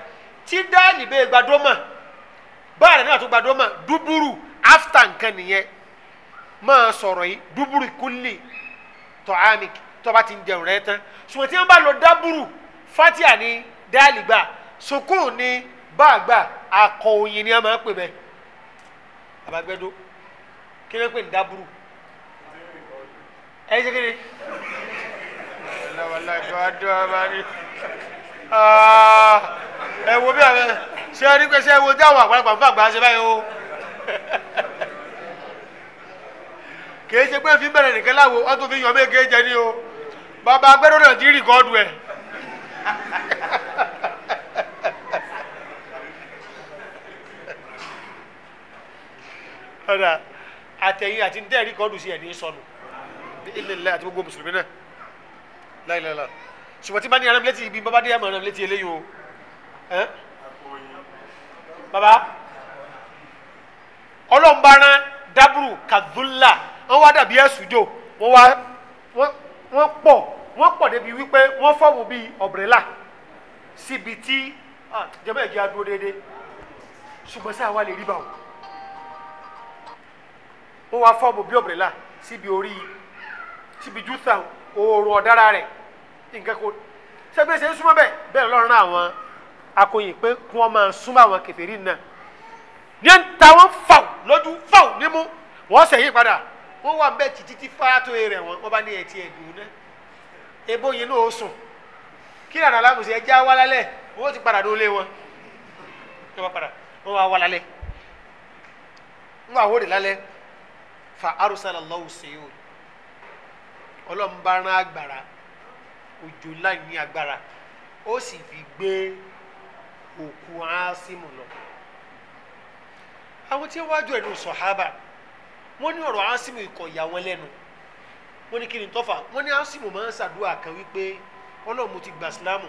tí dáàlì bẹ́ẹ̀ gbadọ́mọ̀ báà rẹ̀ náà tó gbadọ́mọ̀ dúbúrú after nǹkan nìyẹn máa sọ̀rọ̀ yìí dúbúrú kúnlẹ̀ tọ́hámìk tọ́ba ti ń jẹun rẹ̀ tán ṣùgbọ́n tí wọ́n bá lọ dábúrú fatia ní dáàlì gbà sukùn ní báàgbà akọ oyin ni a máa ń pè bẹ abagbẹdo kí ló ń pè ní dábúrú ẹ ṣe kí ni. ẹ wo bí àwọn ṣe ẹ rí pé ṣe ẹ wo dáhùn àgbàlagbà fún àgbà ṣe báyìí o kìí ṣe pé fi bẹ̀rẹ̀ nìkan láwo ọtún fi yan méje jẹ ní o bàbá agbẹdọ náà ti rí kọ́ọ̀dù ẹ. ọ̀dà àtẹ̀yìn àti ntẹ́ rìkọ́dù sí ẹ̀ní sọnù ilẹ̀ àti gbogbo mùsùlùmí náà láìláìlá ṣùgbọ́n tí bá ní aramilẹ́tì ibi bàbá dé àmọ́ aramilẹ́tì eléyìí o bàbá ọlọ́mbàrá dábùrù kàdúlà wọ́n wá dàbí ẹ̀sùjò wọ́n wá wọ́n pọ̀ wọ́n pọ̀ débi wípé wọ́n fọ́ọ̀mù bíi ọ̀bẹ̀rẹ̀là síbi tí jẹ́bẹ̀ẹ́jì adúró déédéé ṣùgbọ́n sáà wà lè rí báwọn ó wá fọ́ọ̀mù bí òbẹ̀rẹ̀ là síbi orí síbi júùsà oòrùn ọ̀dára rẹ̀ nǹkan kò sẹ́gbẹ́ ṣe ń súnmọ́ bẹ́ẹ̀ bẹ́ẹ̀ lọ́rùn náà àwọn akọ̀yìn pé kí wọ́n máa súnmọ́ àwọn kèfèrí náà ní ẹ̀ ń ta wọ́n fàù lójú fàù nímú wọ́n sẹ̀yìn padà wọ́n wà bẹ́ẹ̀ títí tí fáátó rẹ̀ wọ́n bá ní ẹ̀tì ẹ̀dùn náà ebó yìí náà ó sùn kí nàá alámùsí ẹja wá lálẹ́ wọ́n ti padà dólé wọn wọ́n wá wá lálẹ́ wọ́n wá wó fa arusalallahu seyol ọlọ́mbaran agbára agbara ńlá ní agbara o si fi gbe òkú aásímù lọ àwọn tí wọ́n wájú ẹ̀nu sọ̀hábà wọ́n ní ọ̀rọ̀ aásímù ikọ̀ ìyá wọn lẹ́nu wọ́n ní kí ni tọ́fà wọ́n ní aásímù máa ń ṣàdúrà kan wípé ọlọ́run mo ti gbà sílámù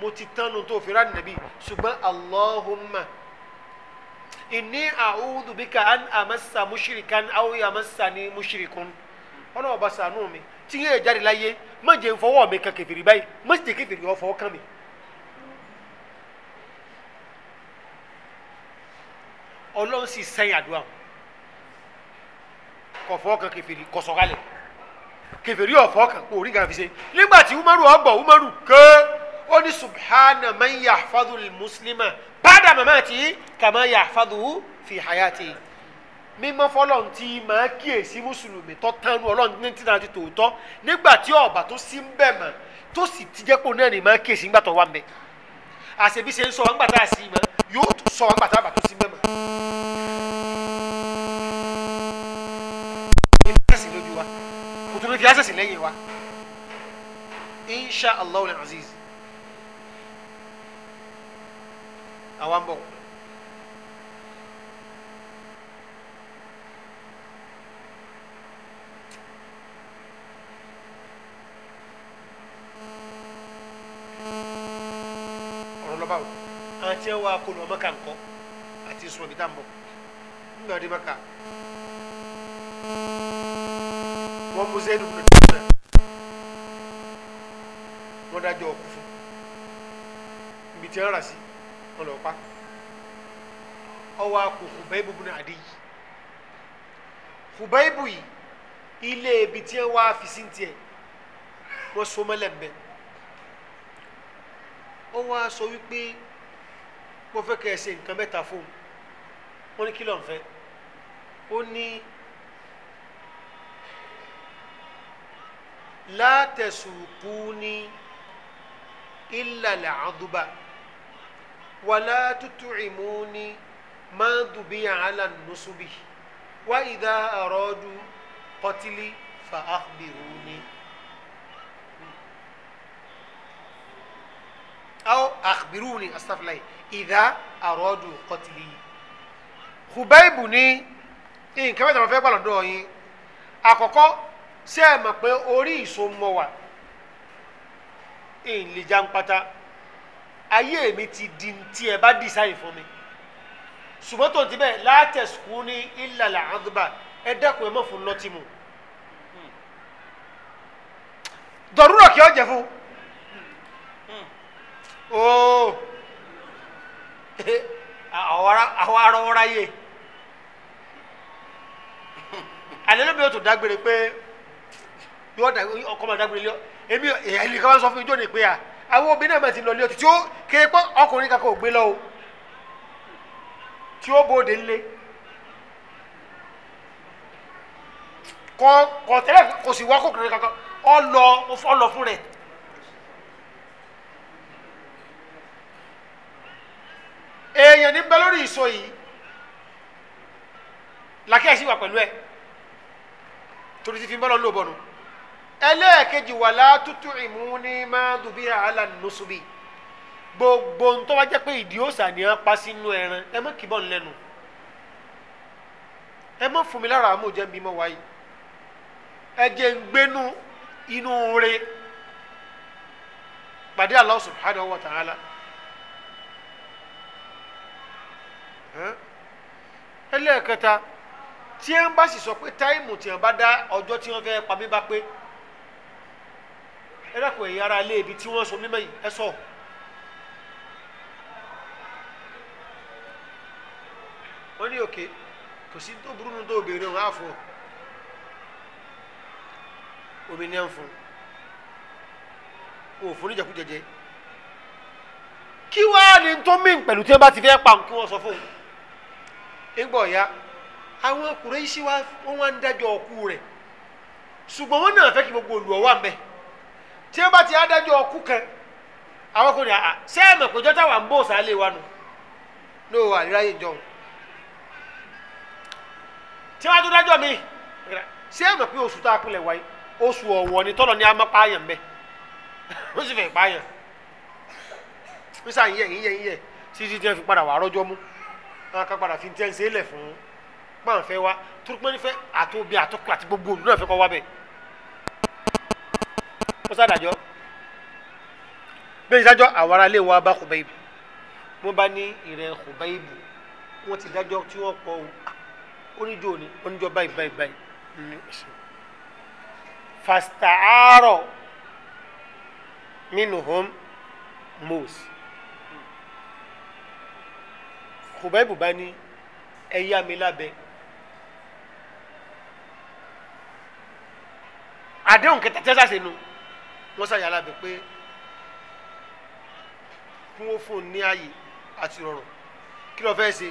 mo ti tánu tó fi ránì nàbí ṣùgbọ́n inni a'udhu bika an amassa mushrikan aw yamassani mushrikun ọlọ́wọ́ bá ṣàánú mi tí yẹn jáde láyé má jẹ́ fọwọ́ mi kan kẹfìrí báyìí má sì jẹ́ kẹfìrí ọ̀fọ̀ kan mi. ọlọ́run sì sẹ́yìn àdúrà kọ̀ fọ́ kan kẹfìrí kọ̀ sọ̀kalẹ̀ kẹfìrí ọ̀fọ̀ kan kò rí gàfíṣe nígbà tí umaru ọgbọ̀ umaru kéé ó ní subhana man yahfadhu muslima ba'da mamati kama yahfadhu fi hayati mímọ́ fọlọ́n tí máa kíyèsí mùsùlùmí tó tánu ọlọ́run ní títà àti tòótọ́ nígbà tí ọ̀bà tó sí ń bẹ̀ mọ́ tó sì ti jẹ́ pò náà ní máa kíyèsí nígbà tó wà mẹ́ àṣebí ṣe ń sọ wọn gbàtà sí mọ́ yóò tún sọ wọn gbàtà àbà tó sí mẹ́ mọ́. kò tún fi àṣẹ̀sì lẹ́yìn wa insha allah aziz. àwa ń bọ̀. ọlọba o àwọn tí wọn wá kó lọ maka nkọ àti sùn ibi tá n bọ nígbà dé maka wọn mú zẹnu kúlẹ tó kúlẹ wọn dájọ ọkùnfún ibi tí wọn rà sí ọlọ́pàá ọwọ́ akọ Hubaibu bin Adi Hubaibu yìí ilé ibi tí wọ́n wá fi sí tiẹ̀ wọ́n so mọ́lẹ̀ mbẹ́ ó wá sọ wípé mo fẹ́ kẹ́ ẹ ṣe nǹkan mẹ́ta fóun wọ́n ní kí ló ní látẹ̀sùkú ní ìlàlẹ̀ ولا تطعموني ما ذبي على النصب وإذا أرادوا قتلي فأخبروني أو أخبروني أستغفر الله إذا أرادوا قتلي Khubayb ní nǹkan mẹ́ta ló fẹ́ gbà lọ́dọ̀ yín àkọ́kọ́ ṣé ẹ mọ̀ pé ayé mi ti di ti ẹ bá design fún mi ṣùgbọ́n tó ti bẹ́ẹ̀ látẹ̀sùkú ní ìlàlà àdúgbà ẹ dẹ́kun ẹ mọ̀ fún lọ́tì mu dọ̀rúrọ̀ kí ọ jẹ fún ooo àwọn arọwọ́ra yé àleló bí o tó dágbére pé yọ ọkọ máa dágbére lé ọ èmi ẹ̀ ẹ̀ sọ fún ijó ni pé à àwọn obìnrin náà máa ti lọ lé ọtí tí ó kéré pọ́n ọkùnrin kankan ò gbé lọ o tí ó bóde ńlé kọ kọ tẹ́lẹ̀ kò sì wọ́ ọkùnrin kankan ọ lọ ọ lọ fún rẹ̀. èèyàn ní bẹ lórí ìsọ yìí làkíyèsí wà pẹ̀lú ẹ̀ torí ti fi bọ́lọ́ ń lò bọ́nu ẹlẹ́ẹ̀kejì wà látútù ìmú ní máa dùbí àhálà nùsùbí gbogbo ntọ́ wá jẹ́ pé ìdí òòsà ni wọ́n pa sínú ẹran ẹ má kìbọ̀ ńlẹ́nu ẹ má fún mi lára àmójẹ́ bí mo wáyé ẹ jẹ́ ń gbénu inú re pàdé Allah subhanahu wa ta'ala ẹlẹ́ẹ̀kẹta tí ẹ ń bá sì sọ pé táìmù tí ẹ bá dá ọjọ́ tí wọ́n fẹ́ pa mí bá pé ẹ dàpọ̀ èyí ara lé ibi tí wọ́n sọ mímọ́ yìí ẹ sọ. wọ́n ní òkè kò sí tó burú nu tó béèrè wọn á fọ omi ní ẹ̀ ń fún un òfò kí wàá ní tó mí pẹ̀lú tí wọ́n bá ti fẹ́ pa kí wọ́n sọ fún un. nígbà ọ̀ya àwọn Kùrẹ́ṣì wa wọ́n wá ń dájọ́ ọkú rẹ̀ ṣùgbọ́n wọ́n náà fẹ́ kí gbogbo olùwọ́ wà mẹ́ẹ̀ tí ó bá ti adájọ́ ọkú kan àwọn kò ní àá sẹ́ẹ̀mọ̀ pé jọ́tà wà ń bò sálé wa nù ní òwò àríráyè jọ̀hún tí wọ́n á tó dájọ́ mi sẹ́ẹ̀mọ̀ pé oṣù tá a pinlẹ̀ wáyé oṣù ọ̀wọ̀ ni tọ́lọ̀ ní amọ́ pààyàn bẹ́ẹ̀ ó sì fẹ́ pààyàn mísà ń yẹ ń yẹ ń yẹ títí tí wọ́n fi padà wà rọ́jọ́ mú wọn kà padà fi tẹ́ ń sẹ́lẹ̀ fún pàǹfẹ́ wa turukmẹ́nifẹ́ àtòbí àtòkù àti gbogbo olùdó náà fẹ́ kọ́ wá bẹ́ẹ̀ kó sàdájọ́ bẹ́ẹ̀ ìdájọ́ àwọn aráalé wọn bá Khubaybu wọ́n bá ní ìrẹ̀ Khubaybu wọ́n ti dájọ́ tí wọ́n pọ̀ oníjó ah, ni oníjó báyìí báyìí báyìí mm, fastaaro minhum Musa Khubaybu bá ní ẹ mi lábẹ́. àdéhùn kẹtẹ tẹsà sínú. wọ́n ṣàyàlá bẹ̀ pé kí wọ́n ní ààyè àti rọrùn kí lọ́ọ́ ṣe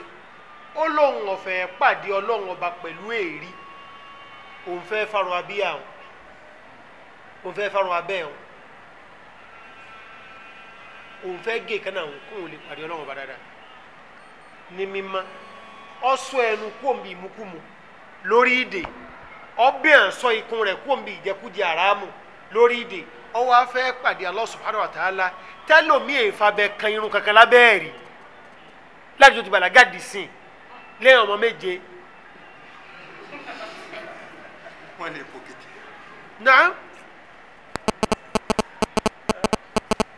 ó lóun ọ̀fẹ́ pàdé ọlọ́run ọba pẹ̀lú èrí òun fẹ́ fárun òun òun fẹ́ fárun abẹ́ òun òun fẹ́ gé kánà òun kóun lè pàdé ọlọ́run ọba dáadáa ní mímá ọsọ ẹnu lórí ìdè ọbẹ̀ àǹsọ ikùn rẹ̀ ìjẹkújẹ àràmù lórí ìdè ó wá fẹ́ pàdé Allah subhanahu wa ta'ala tẹ́lómi èèfàbẹ̀ kan irun kankan lábẹ́ẹ̀rì láti tó ti bàlágà dì sìn lẹ́yìn ọmọ méje. wọ́n lè kó kéde. náà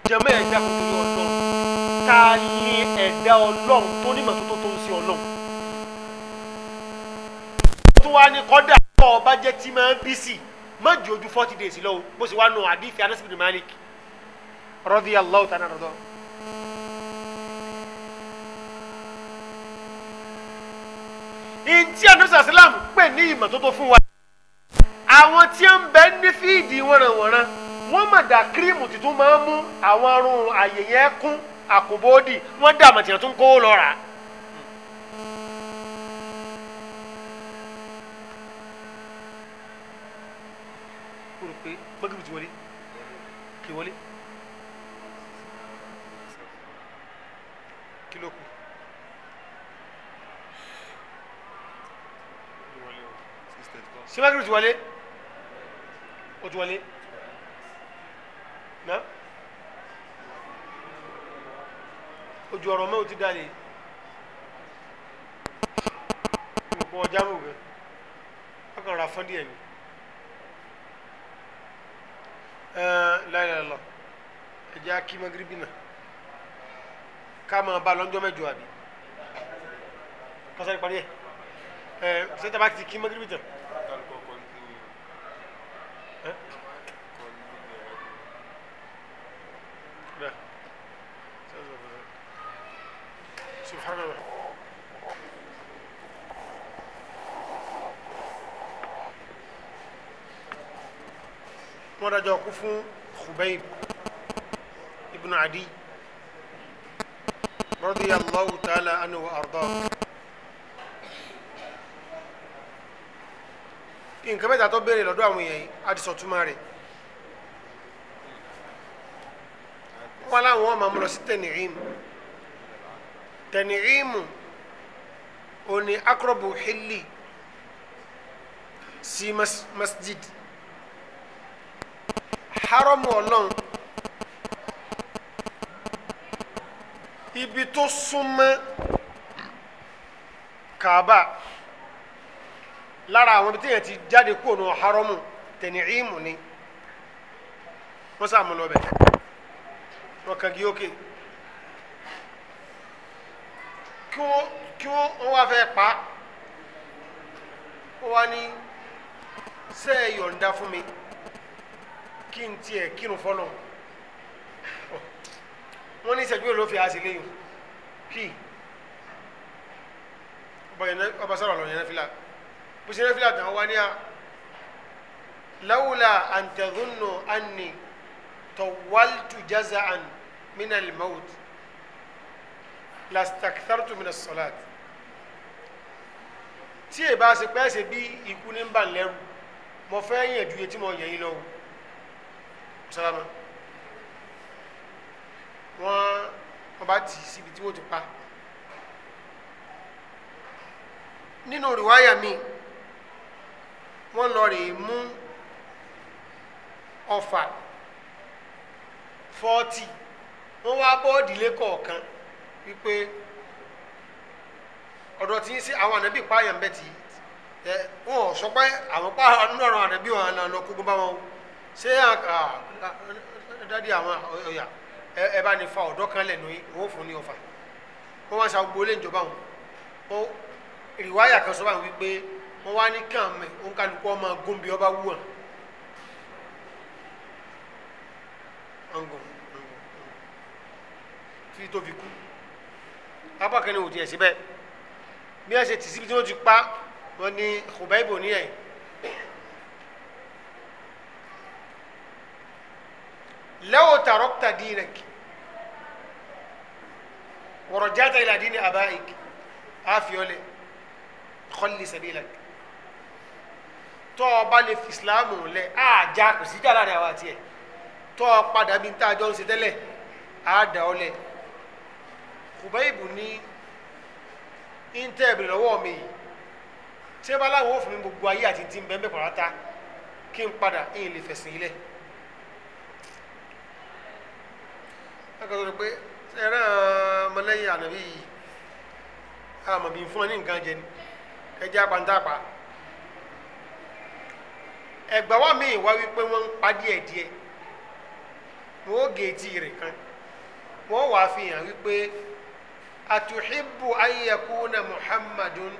jẹ́mọ́ ẹ̀dá kòkòrò ọlọ́run ta ni ẹ̀dá ọlọ́run tó ní mọ̀tótó tó ń sin ọlọ́run. tó wá ní kọ́dà tó ọba jẹ́ tí máa ń bí sí i má ju ojú forty days lọ bó ṣe wá nù àdìfẹ Anas bin Malik Allah ta'ala rọdọ. ntí anamisa salam pè ní ìmọ̀tótó fún wa àwọn tí ń bẹ ní fíìdì wọ̀nàwọ̀nà wọ́n mà dá kírímù tuntun máa ń mú àwọn arun àyè yẹn kún àkùbọ́ọ́dì wọ́n dá àmàtìyàn tó ń kó lọ́ra. ti wọlé kí ló kù. síwájú ti wọlé o ti wọlé na ojú ọ̀rọ̀ mẹ́wò ti dalè nǹkan ọjà mọ̀ gan ọkàn ra fún díẹ̀ láìláìlọ ẹjẹ́ akí magiribi náà ká máa bá lọ́jọ́ mẹ́jọ àbí kọ́sẹ́ nípa ní ẹ̀ ẹ̀ sẹ́tẹ̀ bá ti kí magiribi tán. wọ́n dájọ́ kú fún Khubayb ibn Adi radiyallahu ta'ala anhu wa arda nǹkan mẹ́ta tó béèrè lọ́dọ̀ àwọn èèyàn yìí á ti sọ túmọ̀ rẹ̀ wọ́n láwọn ọmọ mọ̀ lọ sí tẹ̀nìrìmù tẹ̀nìrìmù òní akọrọ̀bù masjid hárọ́mù ọlọ́run ibi tó súnmọ́ kaaba lára àwọn ibi tí yẹn ti jáde kúrò ní hárọ́mù tẹ̀nìímù ni wọ́n sàmúlò ọbẹ̀ wọ́n kàgí òkè kí wọ́n kí wọ́n wá fẹ́ pa wọ́n wá ní sẹ́ẹ̀ yọ̀ǹda fún mi kí n tiẹ̀ kírun fọlọ́ wọ́n ní ìṣẹ́jú yóò ló fi àṣì léyìn kí ọba sọ̀rọ̀ lọ yẹn fìlà bó ṣe yẹn fìlà tàn wá ní a lawla an tadhunnu anni tawaltu jaza'an min al-maut lastakthartu min tí èbá ṣe pẹ́ bí ikú ní ń bà lẹ́rù mo fẹ́ yẹ̀dù yẹ tí mo yẹ̀ yín lọ́wọ́. sálámà wọ́n pa nínú rìwáyà mi wọ́n lọ rèé mú ọfà fọ́ọ̀tì wọ́n wá bọ́ọ̀dì lẹ́kọ̀ọ̀kan wípé ọ̀dọ̀ tí ń sí àwọn ànábì pààyàn bẹ́ẹ̀ tì í, wọn ò sọ pé àwọn pààyàn nínú ọ̀rọ̀ ànábì wọn dádì àwọn ọ̀yà ẹ bá ní fa ọ̀dọ́ kan lẹ̀ nùyí wọ́n fún ní ọ̀fà wọ́n wá sa gbogbo ilé ìjọba wọn wọ́n rìwáyà kan sọ́ba wọn wípé wọ́n wá ní kàn mẹ́ òun kálukú ọmọ gómìnà ọba wù hàn. tí tó fi kú apá kan ní òtí ẹ̀ síbẹ̀ bí wọ́n ṣe tì síbi tí wọ́n ti pa wọ́n ní kò bá ìbò níyẹn. لو tarakta دينك ورجعت raja'ta دين dini abaik لي خلي سبيلك tọ́ ọ bá lè fi ìsìláàmù lẹ̀ àjà kò sí jà láàrin àwọn àti ẹ̀ tọ́ ọ padà bí n tá a jọ ń ṣe tẹ́lẹ̀ àádà ọ lẹ̀ kùbẹ́ìbù ní íńtẹ́ẹ̀bì mi yìí tí ẹ bá láwọn òfin gbogbo ayé ta kí n padà ń lè fẹ̀sìn ilẹ̀. ẹ̀kọ́ tó rò pé ẹran ọmọlẹ́yìn ànábì yìí àmọ̀ bí fún ọ ní nǹkan jẹ ni ẹjẹ́ apantapa ẹgbà wa wá wípé wọ́n ń pa díẹ̀ díẹ̀ wọ́n ó géètì rẹ̀ kan wọ́n wàá fi hàn wípé atuhibbu an yakuna muhammadun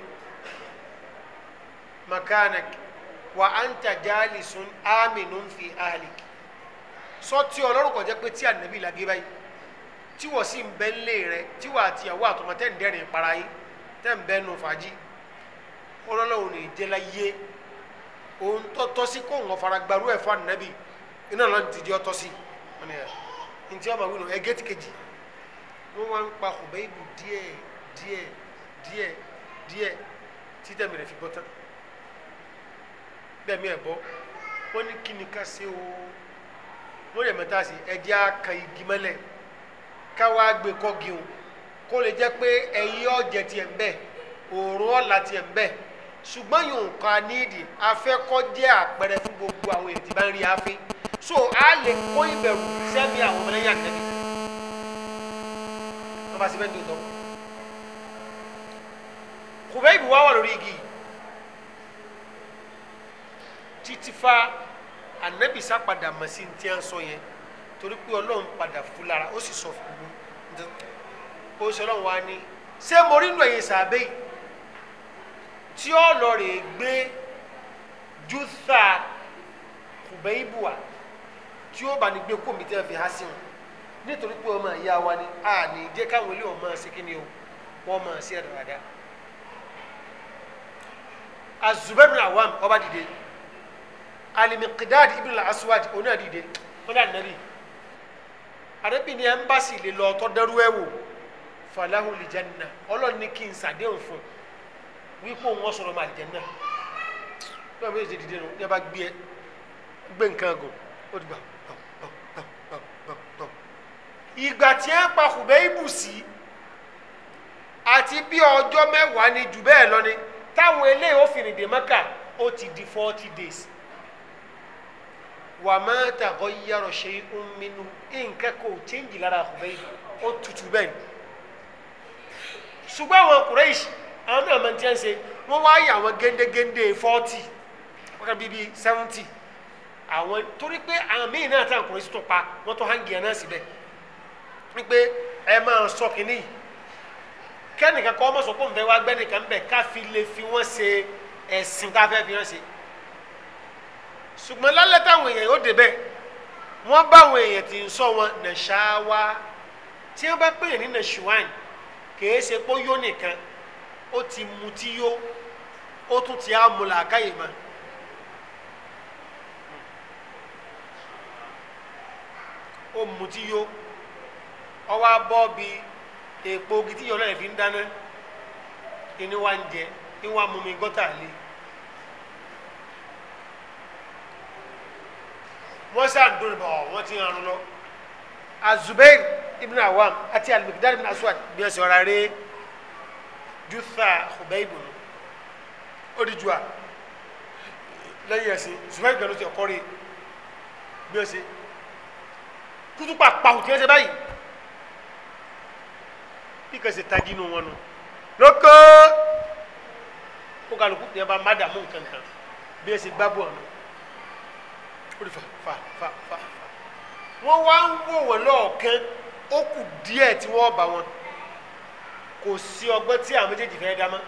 makanak wa anta jalisun aminun fi ahlik sọ́tí ọlọ́run kò pé tí ànábì làgé báyìí tí wọ́n sì ń bẹ nílé rẹ tí wọ́n àti ìyàwó àtọmọ tẹ́ ń dẹ́rìn para yín tẹ́ ń bẹ nu fàájì ọlọ́lọ́wọ́ ní ìjẹ́lá yé òun tọ́tọ́ sí kó ń fara gbarú ẹ̀fọ́ ànábì iná lọ́n ti di ọ́tọ́ sí ntí ọmọ wíwọ ẹgẹ́ ti kejì wọ́n wá ń pa ọ̀bẹ ìlú díẹ̀ díẹ̀ díẹ̀ díẹ̀ títẹ̀ mìíràn fi bọ́ tán bẹ́ẹ̀ mi ẹ̀ bọ́ wọ́n ní káwá gbé kọ́gi o kó lè jẹ́ pé ẹ̀yin ọ̀jẹ̀ tiẹ̀ ń bẹ òòrùn ọ̀la tiẹ̀ ń bẹ ṣùgbọ́n yóò kan níìdì afẹ́kọ́ jẹ́ àpẹẹrẹ fún gbogbo àwọn èdè bá ń rí afẹ́ so a lè kó ìbẹ̀rù sẹ́mi àwọn ọmọlẹ́yìn àtẹ́bí wọ́n bá ṣe fẹ́ dòótọ́ kùbẹ́ ìbí wá wà lórí igi títí fa ànábìsá padà mọ̀ sí ti ń sọ yẹn torí pé ọlọ́run padà fún lára ó sì sọ fún un ó sọ ọlọ́run wa ni ṣé mo rí nù ẹ̀yìn sàbẹ̀ yìí tí ó lọ rè gbé júùsà kùbẹ́ìbù wa tí ó bá ní gbé kó mi tẹ́ fi há sí wọn nítorí pé ọmọ ìyá wa ni a ní jẹ́ káwọn ilé wọn ṣe kí ni o wọ́n máa ṣe dáadáa azubẹ́nu awam ọba dìde alimikidad ibn al-aswad onáà dìde wọ́n dà nàbí arábìnrin ẹmbásì lè lọ ọtọ dẹrú ẹ wò falahu lijanna Ọlọ́run ní kí n sàdéhùn fún wípé òun ọsọrọ máa lijanna bí wọn bẹ ṣe dìde nù ní a bá gbé ẹ gbé nǹkan gò ó ti gbà ìgbà tí ẹ ń pa kùbẹ́ ibùsí àti bí ọjọ́ mẹ́wàá ni jù bẹ́ẹ̀ lọ ni táwọn eléyìí ó fìrìn dè mọ́kà ó ti di forty days wàmọ́tàgọ́ yíyàrá ṣe ń mímú nǹkan kò change lára Khubayb ó tutù bẹ́ẹ̀ ni ṣùgbọ́n àwọn Quraysh àwọn náà máa ń tiẹ́ ṣe wọ́n wá yà wọ́n géńdégéńdé fọ́tì wọ́n kà bíbí sẹ́wọ́ntì àwọn torí pé àwọn míì náà tàn pa wọ́n tó hangi ẹ̀ náà síbẹ̀ wípé ẹ máa sọ kínní kẹ́nìkan kọ́ ọmọ sọ pé òun fẹ́ wá gbẹ́nìkan bẹ̀ ká fi lè fi wọ́n ṣe ẹ̀sìn tá a fẹ́ fi wọ́n ṣe ṣùgbọ́n lálẹ́ táwọn èèyàn yóò débẹ̀ wọ́n bá àwọn èèyàn ti ń sọ wọn nàṣàwá tí wọ́n bá pè ní nàṣùwàn kìí ṣe pé yó ó ti mutí yó ó tún ti á mọ́. ó mutí yó ọwọ́ bọ́ bi èèpo ogi yọ̀ọ́ náà fi ń dáná ń wọ́n ṣàǹdóni bọ̀ wọ́n ti hàn án lọ. azubair ibn awam àti alimikidari ibn aswad bí wọ́n ṣe ọ̀rá rẹ̀ jutha hubeibu ó di ju a lẹ́yìn ẹ̀sìn zubair gbẹ̀rù ti ọ̀kọ́ rí bí wọ́n ṣe kútùpà pàwù tí wọ́n ṣe báyìí bí kò ṣe tají nù wọn nù lókè ó kàlùkù yẹn bá má dààmú nǹkan kan bí wọ́n ṣe gbábọ̀ ọ̀nà ó lè fà fà fà fà wọ́n wá ń wò wọ́n lọ́ọ̀kan ó kù díẹ̀ tí wọ́n bá wọn kò sí ọgbọ́n tí àwọn méjèèjì fẹ́ dá mọ́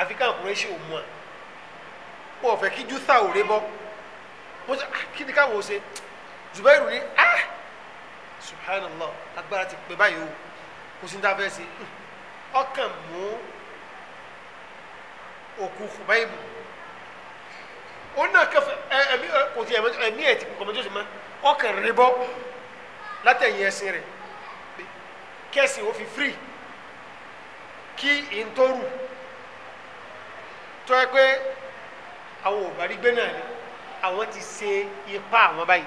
àfi káwọn kò rẹ́ṣẹ̀ òmu à wọn ò fẹ́ kí jútà ò ré bọ́ wọ́n sọ ah, kí ni káwọn ò ṣe Zubairu ní ah subhanallah agbára ti pè báyìí o kò sí ní ta fẹ́ ṣe ọkàn mú òkú fún báyìí bù. ona kafa ɛmi ɔti ɛmi ɛti kɔmɛjɔ sɛ ma ɔka ribɔ latɛ yɛ sere kɛse ofi firi ki ntoru tɔɛ kpe awo bari gbɛna yi awo ti se yi pa awo bayi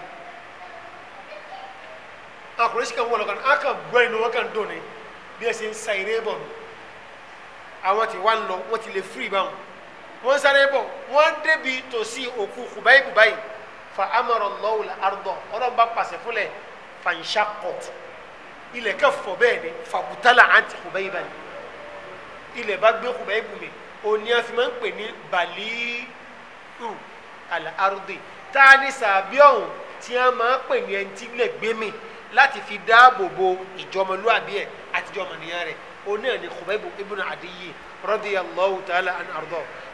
akɔrɔ isi ka wɔlɔ kan aka gbɛɛ ni waka doni bi ɛsɛ sayire bɔn awo ti wa lɔ wɔti le firi ba wọ́n sáré bọ̀ wọ́n débi tòsí òkú kùbáyì kùbáyì fa amara Allahu al-arda ọlọ́run bá pàṣẹ fúnlẹ̀ fanṣakọ̀t ilẹ̀ ká fọ̀ bẹ́ẹ̀ ni fàbùtálà àǹtí kùbáyì báyì ilẹ̀ bá gbé kùbáyì bùnmi òní àfi ń pè ní bàlíù al-ardi tá a ní sàbíọ̀hún máa pè ní ẹni tí ilẹ̀ láti fi dáàbò bo ìjọmọlúwàbí àtijọ́ ọmọnìyàn rẹ̀ òní àni kùbáyì ibn Adiyy radiyallahu ta'ala an arda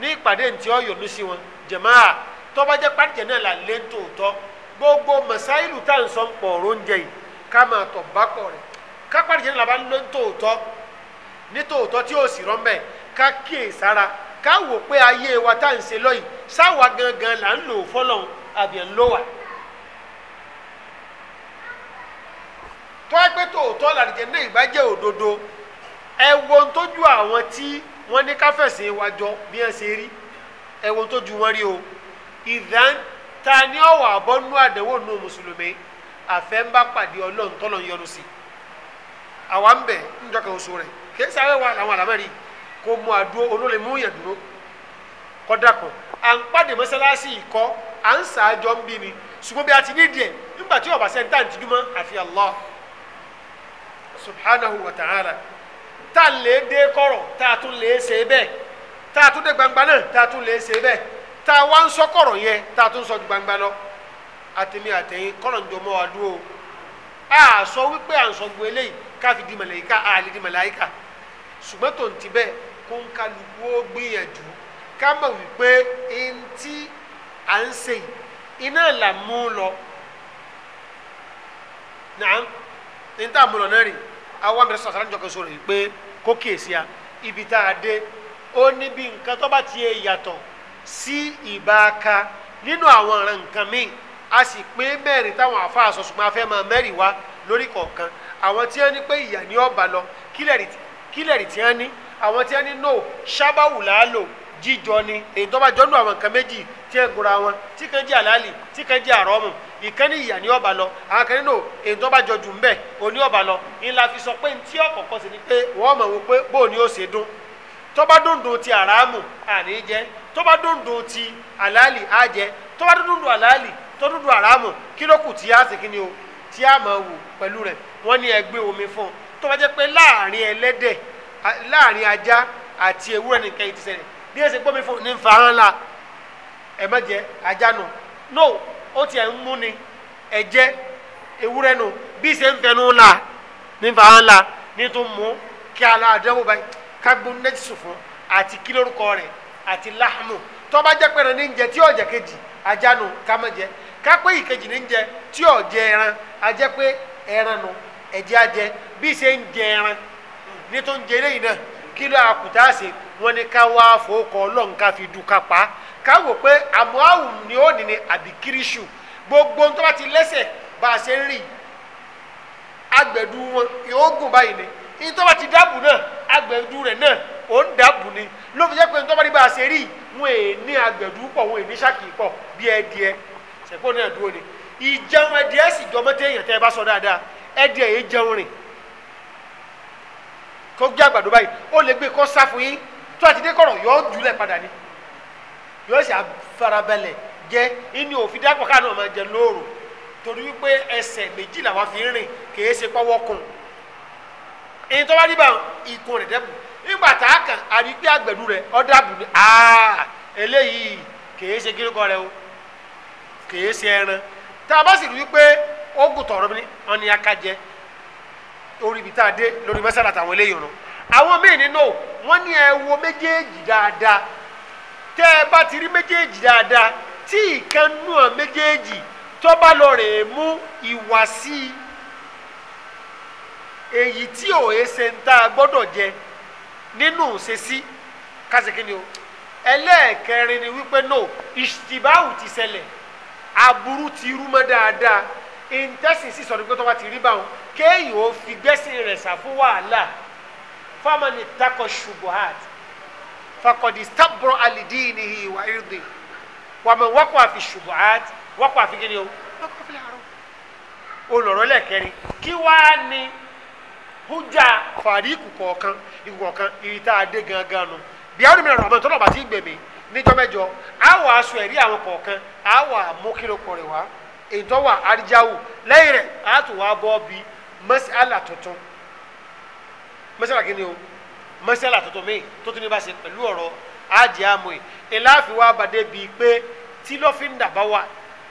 ní ìpàdé ntí ọyọ ló sí wọn jẹmáà tọbajẹ pàtẹ náà là lé ntòótọ́ gbogbo masáìlù tá à ń sọ pọ̀ oúnjẹ yìí ká máa tọ̀ bá kọ̀ rẹ̀ ká pàtẹ náà làbá lé ntòótọ́ nítòótọ́ tí ó sì rọ́mbẹ́ ká kíyè sára ká wò pé ayé wa tá à ń ṣe lọ́yìn sáwa gangan là ń lò fọlọ́n àbí ń lò wá. tọ́ ẹgbẹ́ tòótọ́ làdìjẹ́ náà ìbá jẹ́ òdodo ẹ wo tójú àwọn tí. wọ́n ní káfẹ̀sìn wájọ bí wọ́n ṣe rí ẹ̀wọ̀n tó ju wọn rí o ìdán ta ni ọ̀wọ̀ àbọ́nú àdánwò nù mùsùlùmí àfẹ́ ń bá pàdé ọlọ́run tọ́lọ̀ yọnu sí àwa ń bẹ̀ ń jọ oṣù rẹ̀ kì í sáré wa làwọn àlámẹ́rì kò mú àdúró olólè mú yẹn dúró kọ́dà kan à ń pàdé mọ́sálásí ìkọ́ à ń ń bí ni ṣùgbọ́n a ti ní díẹ̀ nígbà tí ọ̀bà sẹ́ńtà ń tijú mọ́ àfi Allah subhanahu wa ta'ala. tá a lè dé kọ̀rọ̀ tá a tún lè ṣe bẹ́ẹ̀ tá a tún dé gbangba náà tá a tún lè ṣe bẹ́ẹ̀ tá a wá ń sọ kọ̀rọ̀ yẹn tá a tún sọ gbangba lọ àtẹ̀mí àtẹ̀yìn kọ́nà ń jọmọ́ wa dúró a sọ wípé à ń sọ gbọ́ eléyìí káfi di màláíkà a lè di màláíkà ṣùgbọ́n tó ń ti bẹ́ẹ̀ kó ń kálukú ó gbìyànjú ká mọ̀ wípé ntí à ń ṣe iná là mú lọ nàá ntí à mú lọ náà rè àwọn mẹ́rin sọ̀tàn jọkọ̀ sọ̀rọ̀ yìí pé kó kíyèsí a ibi tá a dé ó ní bí nǹkan tó bá tiẹ̀ yàtọ̀ sí ìbaaka nínú àwọn ọ̀ràn nǹkan míì a sì pín mẹ́rin táwọn àáfàá sọ ṣùgbọ́n a fẹ́ máa mẹ́rin wá lórí kọ̀ọ̀kan àwọn tí wọ́n ní pé ìyà ni ọba lọ kílẹ̀rì tí wọ́n ní àwọn tí wọ́n ní no ṣábàwù làálò jíjọ ni èyí tó bá jọ́nù àwọn nǹkan méjì tí wọ́n gbọ́ra wọn tí kan jẹ́ àlálì tí kan jẹ́ àrọ́mù ìkan ní ìyà ní ọba lọ àwọn kan nínú èyí tó bá jọ jù ń bẹ òní ọba lọ ńlá fi sọ pé ntí ọkọ̀ọ̀kan sì ni pé wọ́n mọ̀ wọ́n pé bóò ni ó ṣe dún tó bá ti àràmù àní jẹ tó bá ti àlàálì á jẹ tó bá dundun àlàálì tó dundun àràmù kí ló kù tí a sì kí ni o tí a máa wò pẹ̀lú rẹ̀ wọ́n ní ẹ gbé omi fún un tó bá jẹ́ pé láàrin ẹlẹ́dẹ̀ láàrin ajá àti ewúrẹ́ nìkan yìí ti ṣẹlẹ̀ bí ẹ ṣe gbómi fún un ní nfa hàn la ẹ má jẹ ajá nù no o tiẹ̀ ń múni ẹ̀jẹ̀ ewúrẹ́ nù se la nífa hàn la ní tó mú kí aláàdánwò báyìí kágbó nẹ́tìsù fún àti kílórúkọ rẹ̀ àti láhàmù tọ́ba jẹ́ ní jẹ tí ọ̀jẹ̀ kejì ajá nù kámẹ́jẹ kápẹ́ ìkejì ní jẹ tí ọ̀jẹ̀ ẹran ajẹ́ pé ẹran nù ẹ̀jẹ̀ ajẹ bí ṣe ń jẹ ẹran ní tó ń náà kí ló káwò pé àmọ́àwù ni ó nìní àbíkíríṣù gbogbo tó ti lẹ́sẹ̀ bá a ṣe ń rìn agbẹ̀dú wọn yóò gùn báyìí ni ní tó bá ti dáàbò náà agbẹ̀dú rẹ̀ náà ó ń dáàbò ni ló fi jẹ́ pé tó bá bá a ṣe rí wọn è ní agbẹ̀dú pọ̀ wọn è ní ṣáàkì pọ̀ bí ẹdìẹ ṣẹ̀pọ̀ náà dúró ni ìjẹun ẹdìẹ sì jọmọ́tẹ́ èèyàn tẹ́ ẹ bá sọ dáadáa ẹdìẹ yìí jẹun rìn kó gbé àgbàdo báyìí ó lè gbé kó sá fún yín tó àti dé kọ̀rọ̀ yọ ọ́ jùlẹ̀ padà ni yóò ṣe àfarabalẹ̀ inú òfin dápọ̀ jẹ torí wípé ẹsẹ fi rìn kì ṣe pọ́wọ́ kun èyí tó bá rí ikùn nígbà tá a kàn pé àgbẹ̀dù ọ̀dàbù ni eléyìí ṣe kíríkọ rẹ o kì ṣe ẹran tá a bá sì rí wípé ó gùn tọ̀rọ̀ mi eléyìí rún àwọn tẹ́ ẹ bá ti rí méjèèjì dáadáa tí ìkan nù ọ méjèèjì tó bá lọ rẹ̀ mú ìwà sí i èyí tí ò é ṣe ń tá gbọ́dọ̀ jẹ nínú ṣesí kásìkínni o ẹlẹ́ẹ̀kẹrin ni wípé no ìṣtìbáwù ti ṣẹlẹ̀ aburú ti rú mọ́ dáadáa ìǹtẹ́sìn sì sọ̀rọ̀ pé tó bá ti rí báwọn kéèyàn ó fi gbẹ́sìn rẹ̀ sá wàhálà fáwọn ní takọ̀ ṣubuhat fakọdi stabro alidiinihi wa irdi wàmẹ wakọ àfi ṣubuhat wakọ àfi kini o wakọ àfi làárọ olọrọ lẹkẹrin kí wàá ní hujja fàríkù kọ̀ọ̀kan ìkọ̀ọ̀kan ìrìtà adé gangan nu bíárù mìíràn ọmọ tọ́lọ̀ bàtí gbèmí níjọ́mẹ́jọ àwọ̀ aṣọ ẹ̀rí àwọn kọ̀ọ̀kan àwọ̀ àmúkìlókọ̀ rẹ̀ wá ètò wà àríjáwò lẹ́yìn rẹ̀ àtúwà bọ́ọ̀bì mẹ́sàlá tuntun mẹ́sàlá kí ni o mọ́sálà tuntun mi tó tún ní bá ṣe pẹ̀lú ọ̀rọ̀ ájì àmọ́ ẹ̀ láàfin wá bàdé bíi pé tí lọ́fíńdà bá wà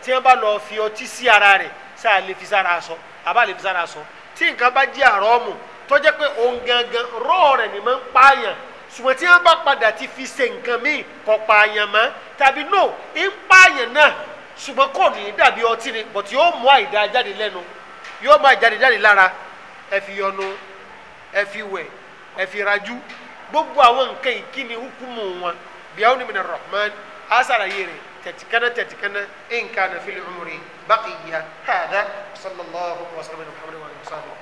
tí wọ́n bá lọ fi ọtí sí ara rẹ̀ sáà lè fi sára aṣọ àbá lè fi sára aṣọ tí nǹkan bá jẹ́ àrọ́ọ̀mù tó jẹ́ pé òun gangan rọ́ọ̀ rẹ̀ ni máa ń pààyàn ṣùgbọ́n tí wọ́n bá padà ti fi ṣe nǹkan míì kọ́ pààyàn mọ́ tàbí no ń pààyàn náà ṣùgbọ́n kò ní í dàbí ọtí ni but yóò mú àìdá jáde lẹ́nu yóò mú àìjáde jáde lára ẹ fi yọnu ẹ fi wẹ̀ ẹ fi rajú gbogbo àwọn nǹkan ìkíni hukumu wọn bíyàwó ni mina rahman asara yere tẹtikana tẹtikana in kana fil umri baqiya hada sallallahu alaihi wa sallam muhammadu wa sallam.